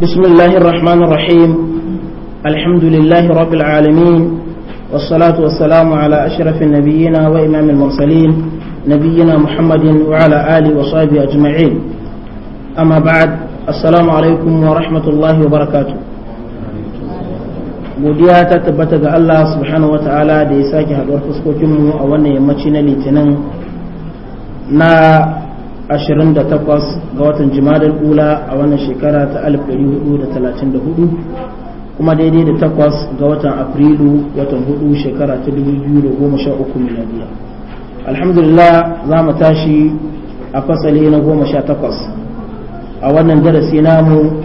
بسم الله الرحمن الرحيم الحمد لله رب العالمين والصلاة والسلام على أشرف النبيين وإمام المرسلين نبينا محمد وعلى آله وصحبه أجمعين أما بعد السلام عليكم ورحمة الله وبركاته godiya ta tabbata ga Allah subhanahu wa ta'ala da ya sake haɗuwar fuskokinmu a wannan yammaci na litinin na ashirin da takwas ga watan jimadar ula a wannan shekara ta alif ɗari hudu da talatin da hudu kuma daidai da takwas ga watan afrilu watan hudu shekara ta dubu biyu da goma sha uku miladiya alhamdulillah za mu tashi a fasali na goma sha takwas a wannan darasi namu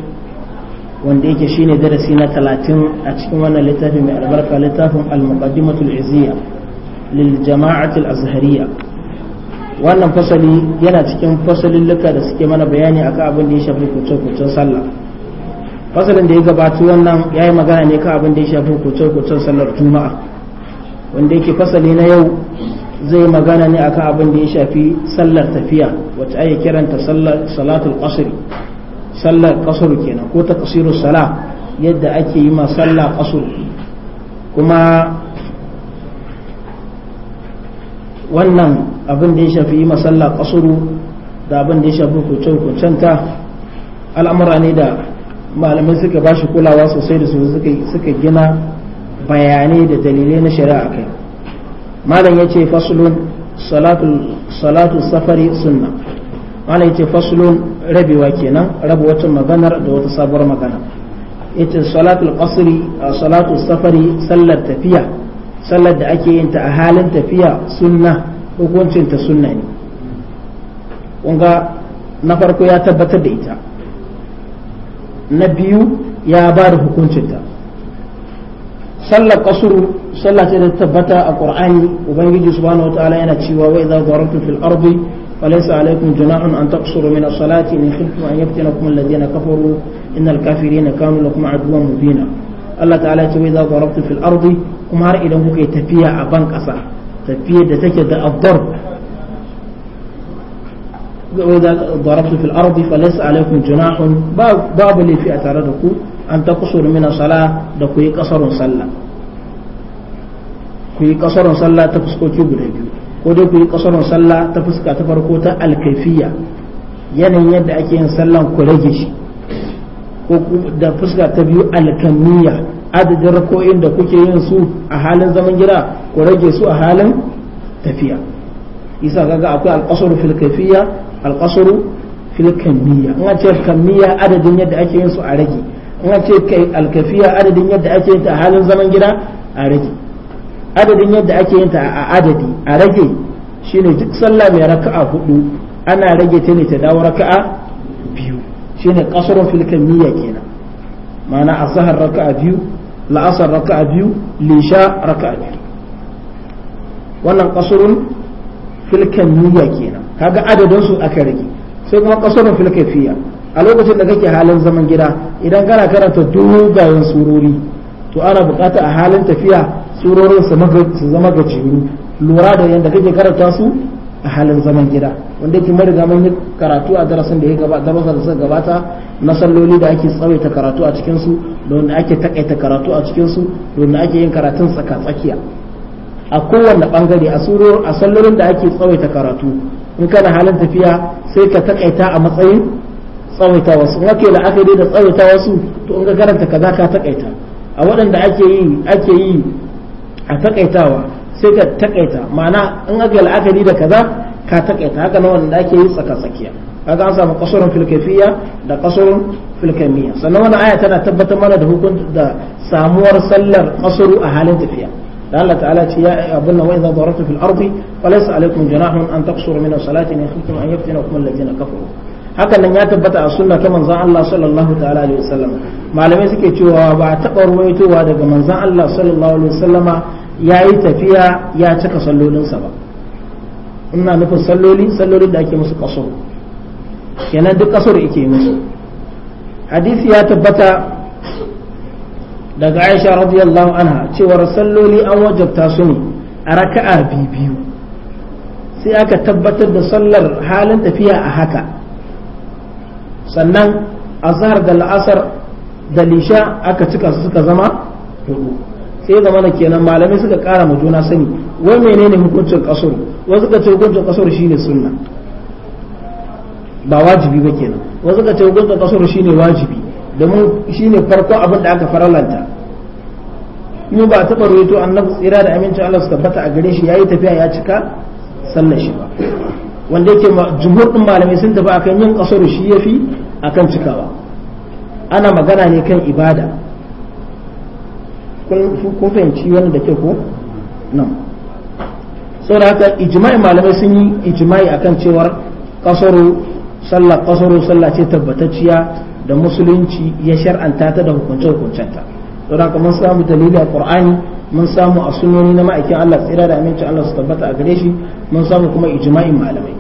wanda yake shine darasi na talatin a cikin wannan littafin mai albarka littafin al-muqaddimatul izziya lil jama'atul azhariya wannan fasali yana cikin fasalilluka da suke mana bayani akan abin da ya shafi kucin sallah fasalin da ya gabata wannan ya yi magana ne kan abin da ya shafi kucin sallar juma'a wanda yake fasali na yau zai magana ne akan abin da ya shafi sallar tafiya wacce ake kiranta sallar salatul qasri sallar qasr kenan ko ta qasiru sala yadda ake yi ma sallar qasr kuma wannan abin da ya shafi yi masalla kasuru da abin da ya shafi kucin al'amura ne da malamai suka ba shi kulawa sosai da su suka gina bayanai da dalilai na shari'a kai malam ya ce fasulun salatu safari sunna malam ya ce fasulun rabewa kenan raba wata maganar da wata sabuwar magana ita salatul qasri salatu safari sallar tafiya sallar da ake yin ta a halin tafiya sunna hukuncinta ta sunna ne kunga na farko ya tabbatar da ita na biyu ya ba da hukuncinta sallar kasur sallace ce da tabbata a qur'ani ubangiji subhanahu wa ta'ala yana cewa wa idza dharabtum fil ardi falaysa alaykum junahun an taqsuru min as-salati in khiftum an yaftinakum alladhina kafaru innal kafirina kanu lakum aduwwan mubina Allah ta'ala ce wa idza dharabtum fil ardi kuma har idan kuka yi tafiya a ban ƙasa. tafiyar da take da abdar وإذا ضربت في الأرض فليس عليكم جناح باب لي في أتاردكم أن تقصر من الصلاة دقوي قصر صلى ku yi kasaron sallah ta fuskoki guda biyu ko dai kuyi yi sallah ta fuska ta farko ta yanayin yadda ake yin sallan ku ko da fuska ta biyu alkamiya adadin rako'in da kuke yin su a halin zaman gida ku rage su a halin tafiya isa kaga akwai alqasru fil kayfiyya alqasru fil kamiyya in ce kamiyya adadin yadda ake yin su a rage in ce kai alkafiya adadin yadda ake yin ta a halin zaman gida a rage adadin yadda ake yin ta a adadi a rage shine duk sallah mai raka'a hudu ana rage ta ne ta dawo raka'a biyu shine qasrun fil kamiyya kenan ma'ana asahar raka'a biyu la'asar raka'a biyu lisha raka'a biyu wannan kasurun filkan niyya kenan kaga adadin su aka rage sai kuma kasurun filkafiya a lokacin da kake halin zaman gida idan kana karanta dogayen surori to ana bukata a halin tafiya surorin su zama gajiyu lura da yadda kake karanta su a halin zaman gida wanda yake mariga mun yi karatu a darasin da ya gabata da suka gabata na salloli da ake tsawaita karatu a cikin su da wanda ake takaita karatu a cikin su da wanda ake yin karatun tsaka tsakiya a kowanne bangare a sallolin da ake tsawaita karatu in kana halin tafiya sai ka takaita a matsayin tsawaita wasu in ake la'akari da tsawaita wasu to in ka karanta kaza ka takaita a waɗanda ake yi ake yi a takaitawa sai ka takaita ma'ana in aka la'akari da kaza ka takaita haka na wanda ake yi tsaka tsakiya kaga an samu kasurun filkafiya da kasurun filkamiya sannan wani aya tana tabbatar mana da hukunta da samuwar sallar kasuru a halin tafiya da Allah ta'ala ce ya abunna wa idza daratu fil ardi wa laysa alaykum junahun an taqsuru min salati in khiftum an yaftinakum alladhina kafaru hakan nan ya tabbata a sunna ta manzon Allah sallallahu ta'ala alaihi wasallam malamai suke cewa ba taɓa ruwaitowa daga manzon Allah sallallahu alaihi wasallama ya yi tafiya ya cika sallolinsa ba ina nufin salloli sallolin da ake musu kaso kenan duk kasar ike musu hadisi ya tabbata daga aisha radiyallahu anha cewar salloli an wajabta su ne a raka'a biyu sai aka tabbatar da sallar halin tafiya a haka sannan azhar da la'asar da lisha aka cika su suka zama hudu sai zama da kenan malamai suka kara mu juna sani wai menene hukuncin kasur wasu suka ce hukuncin kasur shine sunna ba wajibi ba kenan wasu suka ce hukuncin kasur shine wajibi domin shine farko abin da aka faralanta in ba taɓa ruwaito annabi tsira da amincin Allah su tabbata a gare shi yayi tafiya ya cika sallar shi ba wanda yake jumhur din malamai sun tafi akan yin kasar shi yafi akan cikawa ana magana ne kan ibada kun fahimci wannan da ke ko nan saboda haka ijma'i malamai sun yi ijma'i akan cewar kasaro sallah kasaro sallah ce tabbatacciya da musulunci ya shar'anta ta da hukunce hukuncenta saboda haka mun samu dalili a qur'ani mun samu a sunoni na ma'aikin Allah tsira da aminci Allah su tabbata a gare shi mun samu kuma ijma'in malamai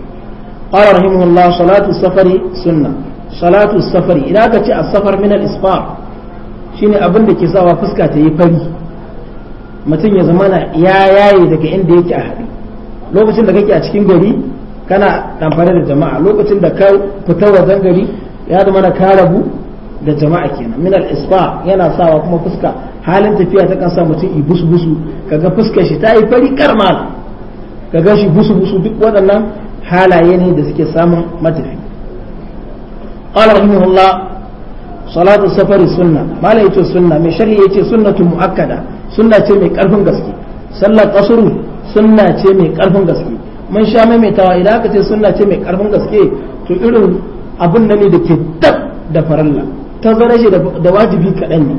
qala rahimahullah salatu safari sunna salatu safari idan ka ce as-safar min al-isfar shine abin da ke sawa fuska ta yi fari mutum ya na ya yaye daga inda yake a haɗe lokacin da kake a cikin gari kana amfani da jama'a lokacin da ka fita wajen gari ya zama na ka rabu da jama'a kenan minal ispa isfa yana sawa kuma fuska halin tafiya ta kan sa mutum yi busu busu kaga fuskar shi ta yi fari karma kaga shi busu busu duk waɗannan halaye ne da suke samun matafi salatu safari sunna malai yace sunna mai sharhi yace sunnatu muakkada sunna ce mai karfin gaske sallar qasru sunna ce mai karfin gaske mun sha maimaitawa idan aka ce sunna ce mai karfin gaske to irin abun nan ne da dab da faralla ta zara shi da wajibi kaɗan ne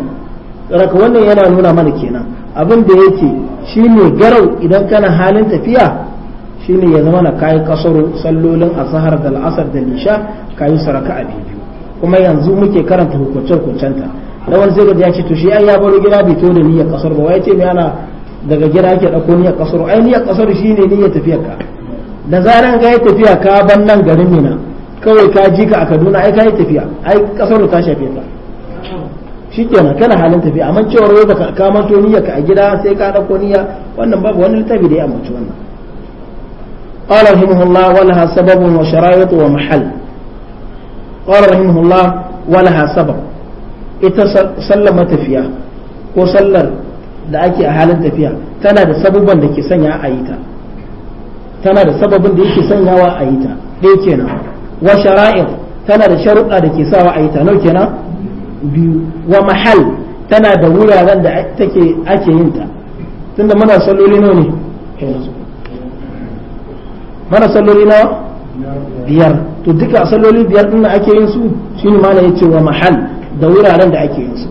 raka wannan yana nuna mana kenan abin da yake shine garau idan kana halin tafiya shine ya zama na kai kasaru sallolin asahar da al'asar da nisha kayi saraka a biyu. kuma yanzu muke karanta hukuncin ta da wani zai ya ce to shi ai ya baro gida bai to da niyyar kasar ba wai ce me ana daga gida ake dauko niyyar kasar ai niyyar kasar shi ne niyyar tafiyar ka da zaran ga ya tafiya ka ban nan garin mina kawai ka ji ka a Kaduna ai ka yi tafiya ai kasar ta shafe ka shikenan kana halin tafiya amma cewar wai baka ka manto niyyar ka a gida sai ka dauko niyya wannan babu wani littafi da ya ambaci wannan قال رحمه الله ولها سبب وشرائط ومحل qala rahimahullah walaha sabab ita sallar matafiya ko sallar da ake a halin tafiya tana da sababan da ke sanya a yi ta tana da sababin da yake sanyawa a yi ta dai kenan wa shara'ir tana da sharuɗa da ke sawa a yi ta nau kenan biyu wa mahal tana da wuraren da take ake yin ta tunda mana salloli nawa ne mana salloli nawa biyar to duka salloli biyar din da ake yin su shine malam yace wa mahal da wuraren da ake yin su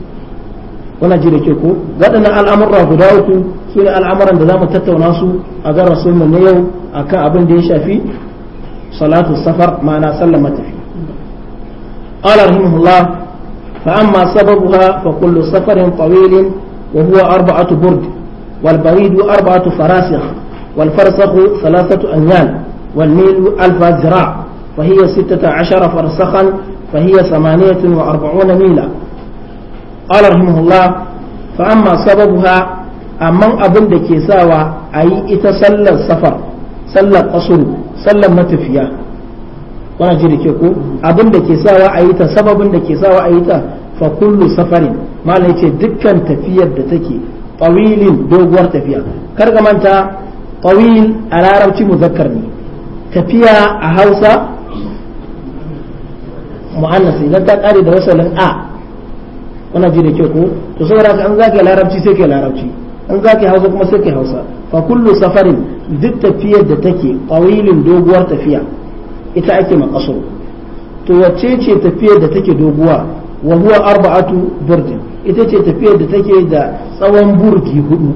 kuna ji da ke ko waɗannan al'amurra guda uku su al'amuran da za mu tattauna su a ga rasulmu ne yau akan abin da ya shafi salatu safar ma'ana sallar matafi قال رحمه الله فأما سببها فكل سفر طويل وهو أربعة برد والبريد أربعة فراسخ والفرسخ ثلاثة أنيال والميل ألف ذراع فهي ستة عشر فرسخا فهي ثمانية وأربعون ميلا قال رحمه الله فأما سببها أما أبن كيساوى أي إتسل السفر سل قصر سل متفيا wani jiri ke ko abin da ke sawa a yi ta sababin da ke sawa a yi ta fa safarin malai ce dukkan tafiyar da take tawilin doguwar tafiya kar manta tawil a larabci mu ne tafiya a hausa mu'annas idan ta kare da wasalin a wannan ji da kyau ko to saboda haka an zaka larabci sai kai larabci an zaka hausa kuma sai kai hausa fa kullu safarin duk tafiyar da take qawilin doguwar tafiya ita ake maqasur to wacce ce tafiyar da take doguwa wa huwa arba'atu burdin ita ce tafiyar da take da tsawon burdi hudu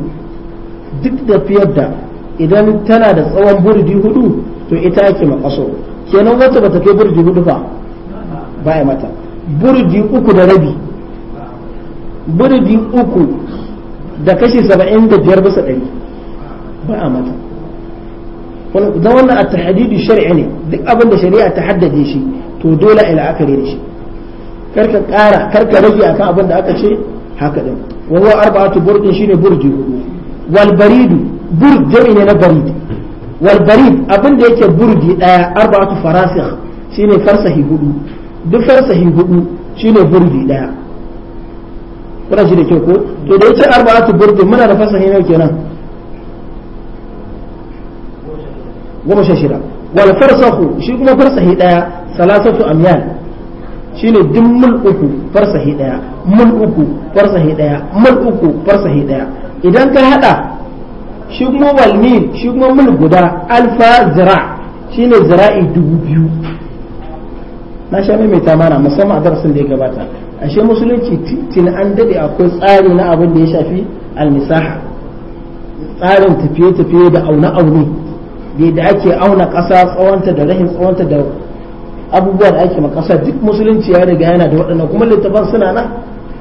duk tafiyar da idan tana da tsawon burdi hudu to ita ake maqasur kenan wata bata kai burdi hudu ba baya mata burdi uku da rabi burdi uku da kashi saba'in da biyar bisa ɗari ba a mata don wannan a tahadidi shari'a ne duk abin da shari'a ta haddade shi to dole a la'akari da shi karka ƙara karka rage akan abin da aka ce haka din wawa arba'atu burdin shine burji hudu wal baridu burd jami'i na barid wal barid abin da yake burji daya arba'atu farasikh shine farsahi hudu duk farsahi hudu shine burdi daya kuna shi da kyau ko to da yace arba'atu burdi muna da farsahi nawa kenan goma sha shida wal farsahu shi kuma farsahi daya salasatu amyal shine duk mul uku farsahi daya mul uku farsahi daya mul uku farsahi daya idan ka hada shi kuma walmi shi kuma mul guda alfa zira shine zira'i dubu biyu na sha ta mana musamman a darasin da ya gabata ashe musulunci tun an dade akwai tsari na abin da ya shafi almisaha tsarin tafiye-tafiye da auna aune da ake auna ƙasa tsawonta da rahin tsawonta da abubuwa da ake makasa duk musulunci ya riga yana da waɗannan kuma littafan suna nan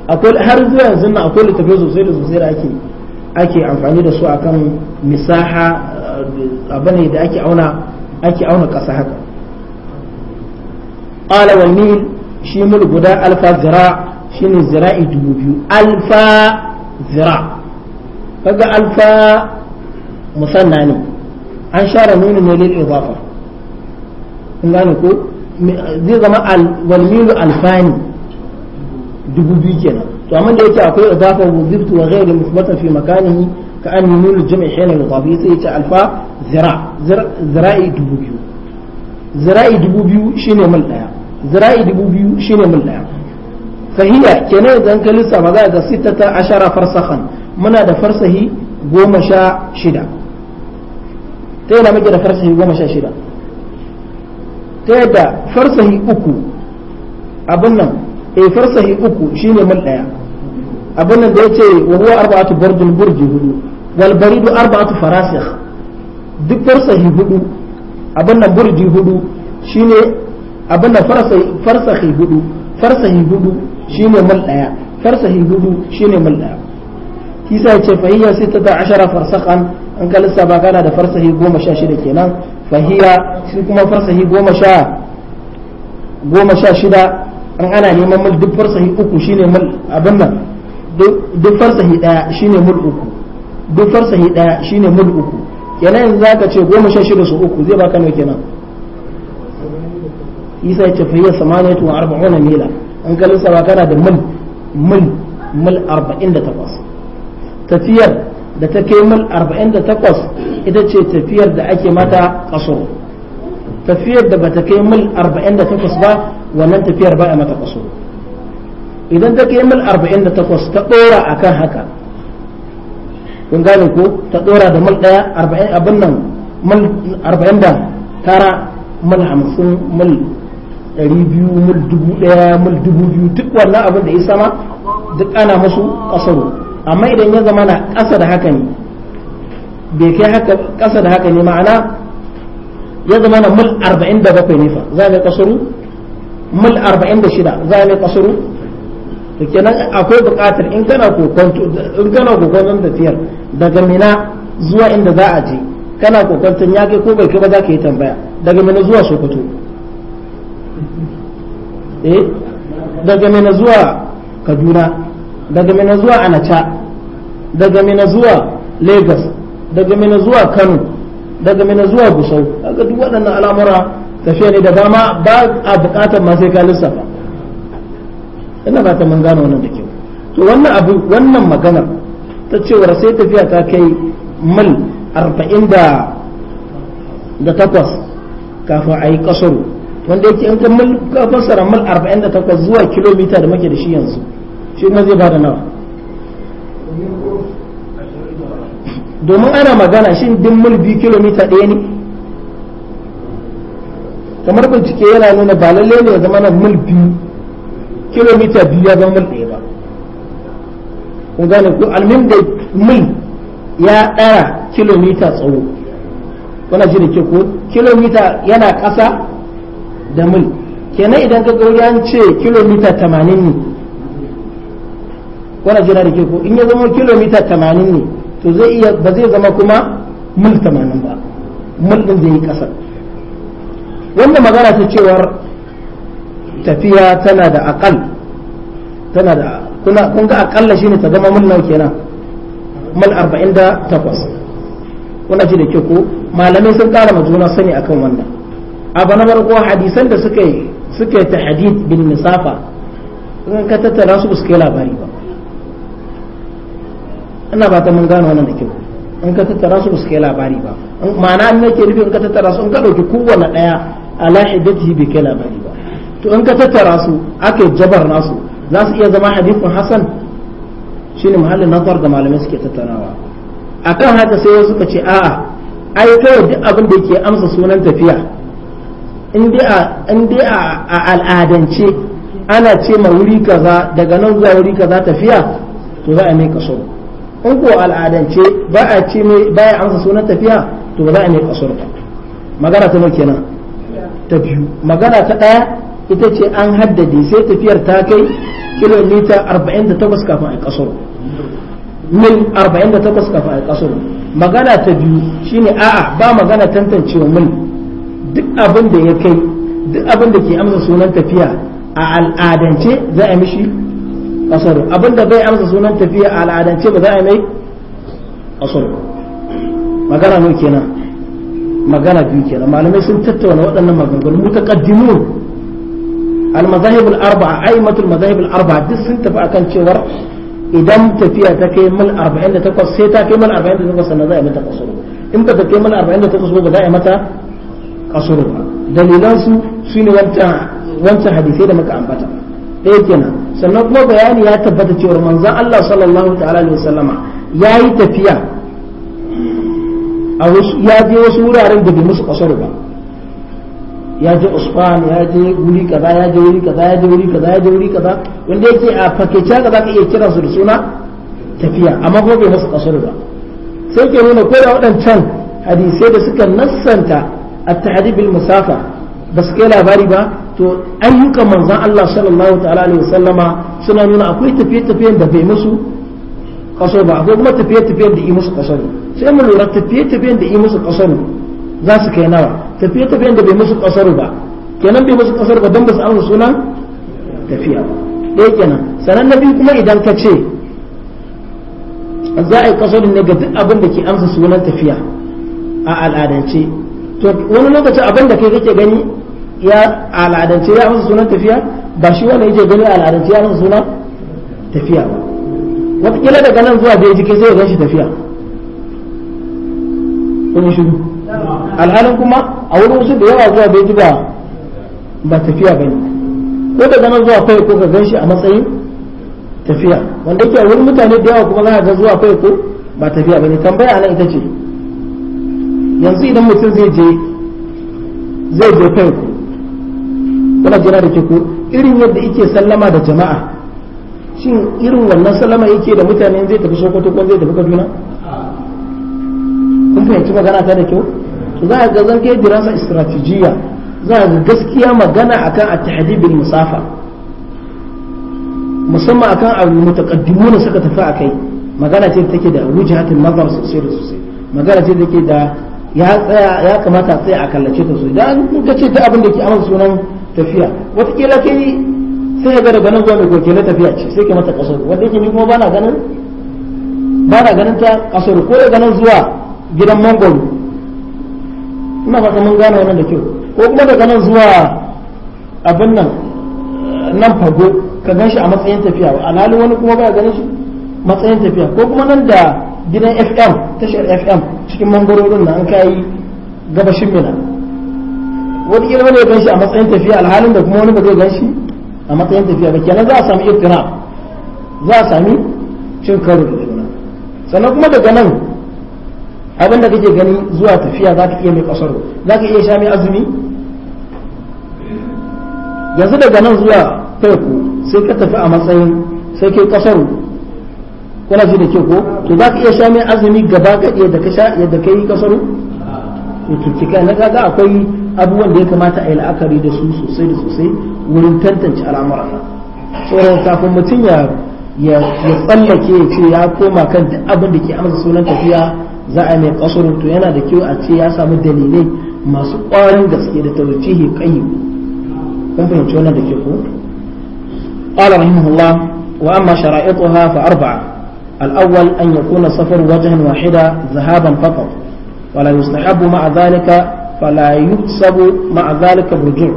akwai har zuwa yanzu na akwai littafai sosai da sosai da ake ake amfani da su akan misaha eh, abin da ake auna ake auna ƙasa haka qala wal mil shi mil guda alfa zira shine dubu biyu alfa zira kaga alfa musanna ne an zai zama wal milu alfani dubu biyu kenan to amma da yake akwai idafa wuziftu wa ghayri musbatan fi makanihi ka an milu jami'i shine idafi sai yace alfa zira zira'i dubu biyu zira'i dubu biyu shine mul daya zira'i dubu biyu shi ne mil ɗaya sahiya kenan idan ka lissafa za ga sittata ashara farsahan muna da farsahi goma sha shida ta yana muke da farsahi goma sha shida ta yadda farsahi uku abin nan eh, farsahi uku shi ne mil ɗaya abin nan da yace wa huwa arba'atu burdun burji hudu wal baridu arba'atu farasikh duk farsahi hudu abin nan burji hudu shine abin da farsahi hudu farsahi hudu shine mul daya farsahi hudu shine mul daya kisa yace fa hiya 16 farsahan an ka lissafa kana da farsahi goma sha shida kenan fa hiya shi kuma farsahi 10 16 an ana neman mul duk farsahi uku shi ne mul abin nan duk farsahi ɗaya shi ne mul uku duk farsahi ɗaya shi ne mul uku kenan yanzu ka ce goma sha 16 su uku zai baka nawa kenan isa ya tafiya samaniya wa arba'una mila an kalin sa kana da mil mil mil takwas tafiyar da ta kai mil arba'in da takwas ita ce tafiyar da ake mata kasoro tafiyar da bata kai mil arba'in da takwas ba wannan tafiyar ba a mata kasoro idan ta kai mil arba'in da takwas ta dora akan haka kun gane ko ta dora da mil daya arba'in abin nan mil arba'in da tara mil 50 mil ɗari biyu mil dubu ɗaya mil dubu biyu duk wannan abin da ya sama duk ana musu ƙasaru amma idan ya zama na ƙasa da haka ne bai kai haka ƙasa da haka ne ma'ana ya zama na mil arba'in da bakwai ne fa za a mai ƙasaru mil arba'in da shida za a mai ƙasaru to kenan akwai buƙatar in kana kokonto in kana kokonton da tiyar daga mina zuwa inda za a je kana kokonton ya kai ko bai kai ba za ka yi tambaya daga mina zuwa sokoto eh daga mina zuwa kaduna daga mina zuwa anacha daga mina zuwa lagos daga mina zuwa kano daga mina zuwa gusau daga duk waɗannan al'amura tafiya ne da ba ma ba a buƙatar masu sai ka ba ina ba ta mun gano wannan da kyau to wannan abu wannan maganar ta cewar sai tafiya ta kai mil arba'in da takwas kafin a yi kasaru wanda yake in kan fassara mil 48 zuwa kilomita da muke da shi yanzu shi kuma zai bada nawa domin ana magana shin din mil biyu kilomita ɗaya ne kamar bincike yana nuna ba lalle ne ya zama na mil biyu kilomita biyu ya zama mil 1 ba kun gane ko almin da mil ya ɗara kilomita tsawo kuna ji da ke ko kilomita yana ƙasa da mil kenan idan ka gauri an ce kilomita tamanin ne wani jira da ke ko in ya zama kilomita tamanin ne to zai iya ba zai zama kuma mil tamanin ba mil din zai yi kasa wanda magana ta cewar tafiya tana da akal tana da kuna kun ga akalla shine ta zama mil nawa kenan mil 48 kuna ji da ke ko malamai sun kara majuna juna sani akan wannan abu na farko hadisan da suka yi suka ta hadid bin misafa in ka tattara su suka yi labari ba ina ba ta mun gano wannan da kyau in ka tattara su suka yi labari ba ma'ana in yake nufi in ka tattara su in ka dauki kowanne ɗaya ala hiddatihi bai kai labari ba to in ka tattara su aka jabar nasu za su iya zama hadithun hasan shine muhallin nazar da malamai suke tattaunawa akan haka sai suka ce a'a ai kawai duk abin da yake amsa sunan tafiya in dai a al'adance ana ce ma wuri kaza daga nan zuwa wuri kaza tafiya to za a mai kaso in ko al'adance ba a ce mai ba amsa sunan tafiya to ba za a mai kaso ba magana ta nake nan ta biyu magana ta daya ita ce an haddade sai tafiyar ta kai kilomita 48 kafin a kaso mil 48 kafin a kaso magana ta biyu shine a'a ba magana tantancewa mil duk abin da ya kai duk abin da ke amsa sunan tafiya a al'adance za a mishi kasaru abin da bai amsa sunan tafiya a al'adance ba za a mai kasaru magana ne kenan magana biyu kenan malamai sun tattauna waɗannan maganganu mutaqaddimun al-mazahib al-arba'a aimatul mazahib al-arba'a duk sun tafi akan cewar idan tafiya ta kai mil 48 sai ta kai mil 48 sannan za a mata kasuru in ba ta ba kasuru ba dalilan su ne wancan hadisai da muka ambata ɗaya kenan sannan kuma bayani ya tabbata cewa manzon Allah sallallahu ta'ala alaihi wasallama yayi tafiya a wasu ya je wasu wuraren da bai musu kasuru ba ya je Usman ya je wuri kaza ya je wuri kaza ya je wuri kaza ya je wuri kaza wanda yake a fakece ka zaka iya kira su da suna tafiya amma ko bai musu kasuru ba sai ke nuna ko da waɗancan hadisai da suka nassanta at-tahdid bil ba su kai labari ba to ayyukan manzon Allah sallallahu ta'ala alaihi wasallama suna nuna akwai tafiye-tafiyen da bai musu kaso akwai kuma tafiye da yi musu kaso sai tafiye da yi musu kaso za su kai nawa tafiye-tafiyen da bai musu kaso kenan bai musu kaso don ba su sunan tafiya sanan kuma idan ka ce za a yi kaso ne ga duk abin da ke amsa sunan tafiya a al'adance to wani lokaci abin da kai kake gani ya al'adance ya amsa sunan tafiya ba shi wanda yake gani al'adance ya amsa sunan tafiya ba wataƙila daga nan zuwa jeji kai zai ganshi tafiya kun shiru alhalin kuma a wurin wasu da yawa zuwa jeji ba ba tafiya bane ko daga nan zuwa kai ko ka ganshi a matsayin tafiya wanda yake a wurin mutane da yawa kuma za ka ga zuwa kai ko ba tafiya ba ne tambaya nan ita ce yanzu idan mutum zai je zai je ku kuna jira da ke ko irin yadda yake sallama da jama'a shin irin wannan sallama yake da mutane zai tafi sokoto ko zai tafi kaduna kun fahimci magana ta da kyau to za a ga zan zarge dirasa istratijiyya za a ga gaskiya magana akan at-tahdibul musafa musamman akan al-mutaqaddimuna suka tafi akai magana ce take da wujahatul nazar sosai da sosai magana ce take da ya tsaya ya kamata tsaya a kallace ta su idan an ka ce ta abin da ke amsa sunan tafiya watakila kai sai ya gada ganin zuwa ke na tafiya ce sai ka mata kasar wanda yake ni kuma ba na ganin ba na ganin ta kasar ko da ganin zuwa gidan mangoro ina fata mun gane wannan da kyau ko kuma da ganin zuwa abin nan nan fago ka gan shi a matsayin tafiya alhali wani kuma ba ganin shi matsayin tafiya ko kuma nan da gidan fm tashar fm cikin mambarorin da an kai gabashin mina wani ilmi ne ganshi a matsayin tafiya alhalin da kuma wani ba zai ganshi a matsayin tafiya ba kenan za a sami irtina za a sami cin karo da juna sannan kuma daga nan abin da kake gani zuwa tafiya za ka iya mai kasar za ka iya sha mai azumi yanzu daga nan zuwa teku sai ka tafi a matsayin sai kai kasar kana ji da ke ko to za ka iya sha mai azumi gaba ga yadda ka sha yadda ka yi kasaru tuttuka na kaga akwai abubuwan da ya kamata a yi la'akari da su sosai da sosai wurin tantance al'amura tsoron kafin mutum ya ya tsallake ya ce ya koma kan duk abin da ke amsa sunan tafiya za a mai kasaru to yana da kyau a ce ya samu dalilai masu ƙwarin gaske da tawjihi qayyu kan fahimci wannan da ke ko قال رحمه wa amma شرائطها fa arba'a الأول أن يكون السفر وجها واحدا ذهابا فقط ولا يستحب مع ذلك فلا يكسب مع ذلك الرجوع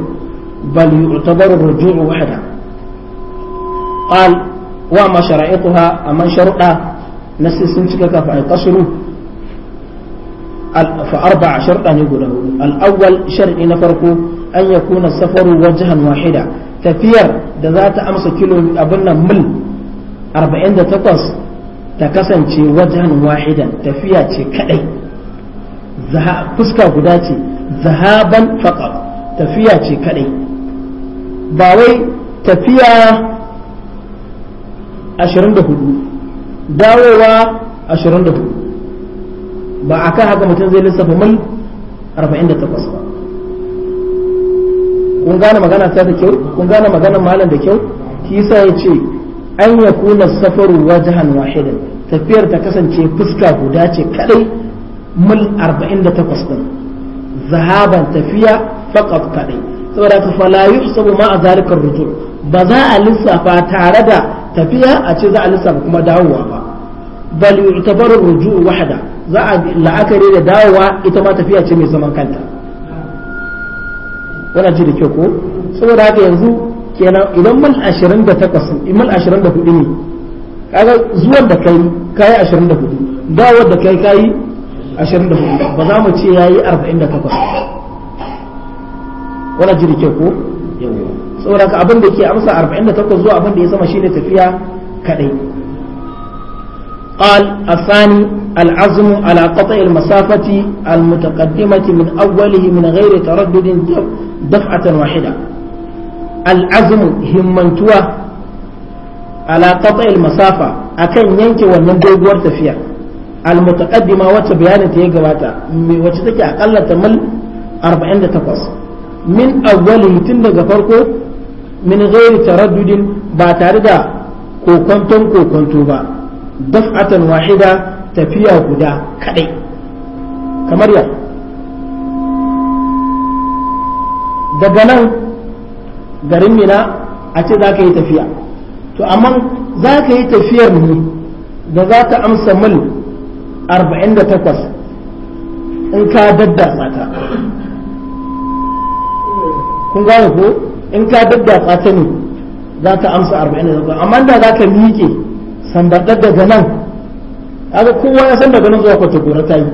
بل يعتبر الرجوع وحده قال وما شرائطها أما شرطها نسي سنتك فأيقصروا فأربع شرطا يقول له الأول شرط نفرك أن يكون السفر وجها واحدا تفير ذات أمس كيلو أبنى مل أربعين تقص ta kasance wajen wahidan tafiya ce kadai fuska guda ce zahaban faqat tafiya ce kadai ba wai tafiya 24 dawowa 24 ba a kan haka mutum zai lissafa mai 48 ba kun gane magana ta da kyau kun gane maganar malam da kyau kisa ya ce an ya kula safaru wajahan wahidan tafiyar ta kasance fuska guda ce kadai mil 48 din zahaban tafiya faqat kadai saboda ka fala yusabu ma a zalikar rujul ba za a lissafa tare da tafiya a ce za a lissafa kuma dawowa ba bal yu'tabaru ruju'u wahda za a la'akari da dawowa ita ma tafiya ce mai zaman kanta wannan ji da kyau ko saboda haka yanzu kenan idan mil 28 mil 24 ne kaga zuwan da kai kai 24 dawar da kai kai 24 ba za mu ce yayi 48 wala jiri ko yawa saboda ka abin da ke amsa 48 zuwa abin da ya sama shine tafiya kadai قال الثاني العزم على قطع المسافة المتقدمة من أوله من غير تردد دفعة واحدة al'azmu himmantuwa ala qata'il masafa akan yanke wannan doguwar tafiya al mutaqaddima wacce bayanin ta ya gabata wacce take aƙalla ta mil 48 min awwalihi tun daga farko min ghairi taraddudin ba tare da kokonton kokonto ba daf'atan wahida tafiya guda kadai kamar ya daga nan garin mina a ce za ka yi tafiya to amma za ka yi tafiyar ne da za ta amsa mil 48 in ka dadda ta kun gane ko in ka dadda ta ne za ta amsa 48 amma da za ka miƙe sambaɗar daga nan aga kowa ya san daga nan zuwa gora ta yi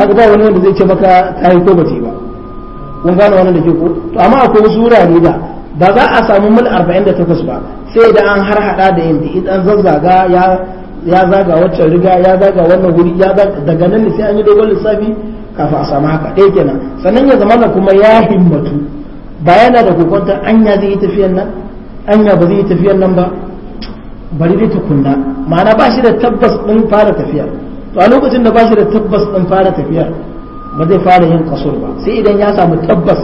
aga ba wani wanda zai ce maka ta yi ko ba ta yi ba kun gane wannan da ke ko to amma akwai wasu wurare da ba za a samu mil 48 ba sai da an har hada da yanda idan zazzaga ya ya zaga waccan riga ya zaga wannan wuri ya zaga daga nan ne sai an yi dogon lissafi kafin a samu haka ɗaya kenan sannan ya zama kuma ya himmatu ba yana da kokonta anya zai yi tafiyan nan anya ba zai yi tafiyan nan ba bari dai tukunna ma'ana ba shi da tabbas ɗin fara tafiya to a lokacin da ba shi da tabbas ɗin fara tafiya ba zai fara yin kasur ba sai idan ya samu tabbas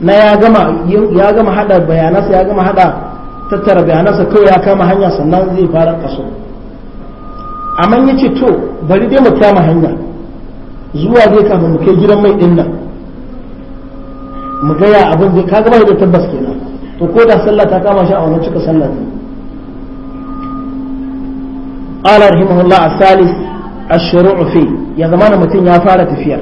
na ya gama ya gama hada bayanansa ya gama hada tattara bayanansa kawai ya kama hanya sannan zai fara kasur amma yace to bari dai mu kama hanya zuwa zai kama mu kai gidan mai din mu gaya abin zai kaga bai da tabbas kenan to ko da sallah ta kama shi a wannan cika sallah ne قال رحمه الله الثالث الشروع فيه يا زمان متين يا فارة فيه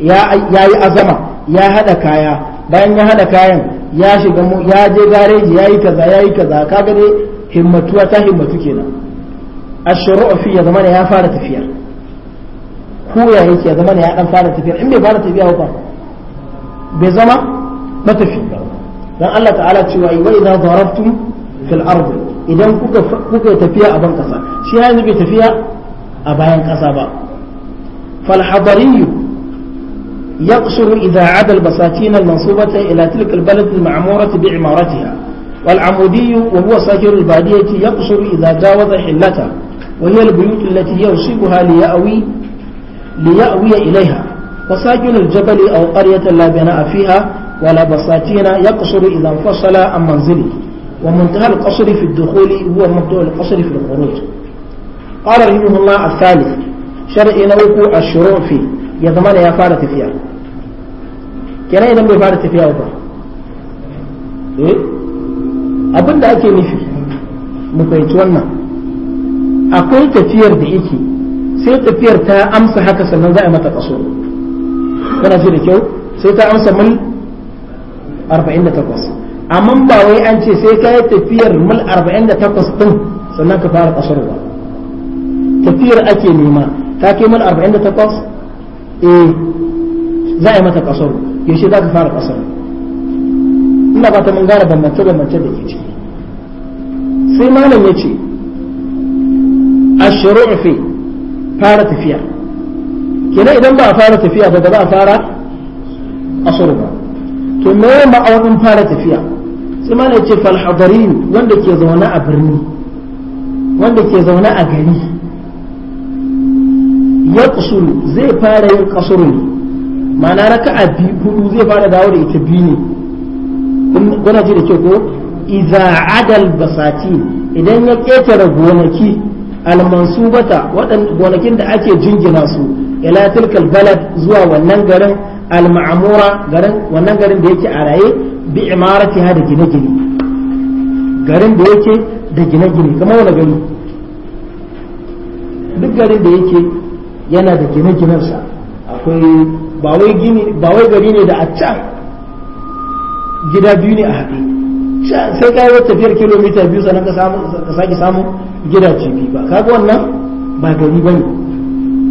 ya yi azama ya hada kaya bayan ya hada kayan ya shiga mu ya je gareji ya yi kaza ya yi kaza kaga dai himmatuwa ta himmatu kenan ashru'u fi ya zama ya fara tafiya ko ya yake ya zama ya dan fara tafiya in bai fara tafiya ba bai zama matafi ba dan Allah ta'ala cewa wa idza darabtum fil ardi idan kuka kuka tafiya a ban kasa shi ya yanzu bai tafiya a bayan kasa ba fal hadariyu يقصر إذا عدا البساتين المنصوبة إلى تلك البلد المعمورة بعمارتها والعمودي وهو ساجر البادية يقصر إذا جاوز حلته وهي البيوت التي يوصفها ليأوي ليأوي إليها وساجر الجبل أو قرية لا بناء فيها ولا بساتين يقصر إذا انفصل عن منزله ومنتهى القصر في الدخول هو مبدأ القصر في الخروج قال رحمه الله الثالث شرع نوك الشروع فيه ya zama da ya fara tafiya kenan idan bai fara tafiya ba eh? abin da ake nufi mu fahimci wannan akwai tafiyar da yake sai tafiyar ta amsa haka sannan za a mata kaso kana ji da kyau sai ta amsa mil 48 amma ba wai an ce sai ka yi tafiyar mil 48 din sannan ka fara kasar ba tafiyar ake nema ta kai mil 48 eh za a yi mata kasar yaushe za ka fara kasar ina ba ta mun gara bambance bambance da ke ciki sai malam ya ce a fi fara tafiya kenan idan ba a fara tafiya ba ba a fara kasar ba to me ba a ma'aunin fara tafiya sai malam ya ce falhadarin wanda ke zaune a birni wanda ke zaune a gari yaqsuru zai fara yin qasru ne ma'ana raka'a biyu hudu zai fara dawo da ita bi ne kuna ji da ke ko idza adal basati idan ya ketare gonaki almansubata waɗan gonakin da ake jingina su ila tilkal balad zuwa wannan garin alma'amura garin wannan garin da yake a raye bi imaratiha da gine-gine garin da yake da gine-gine kamar wani gari duk garin da yake yana da gine-ginensa akwai ba wai gini ba wai gari ne da a can gida biyu ne a haɗe sai ka yi tafiyar kilomita biyu sannan ka samu ka sake samu gidaje biyu ba kaga wannan ba gari bane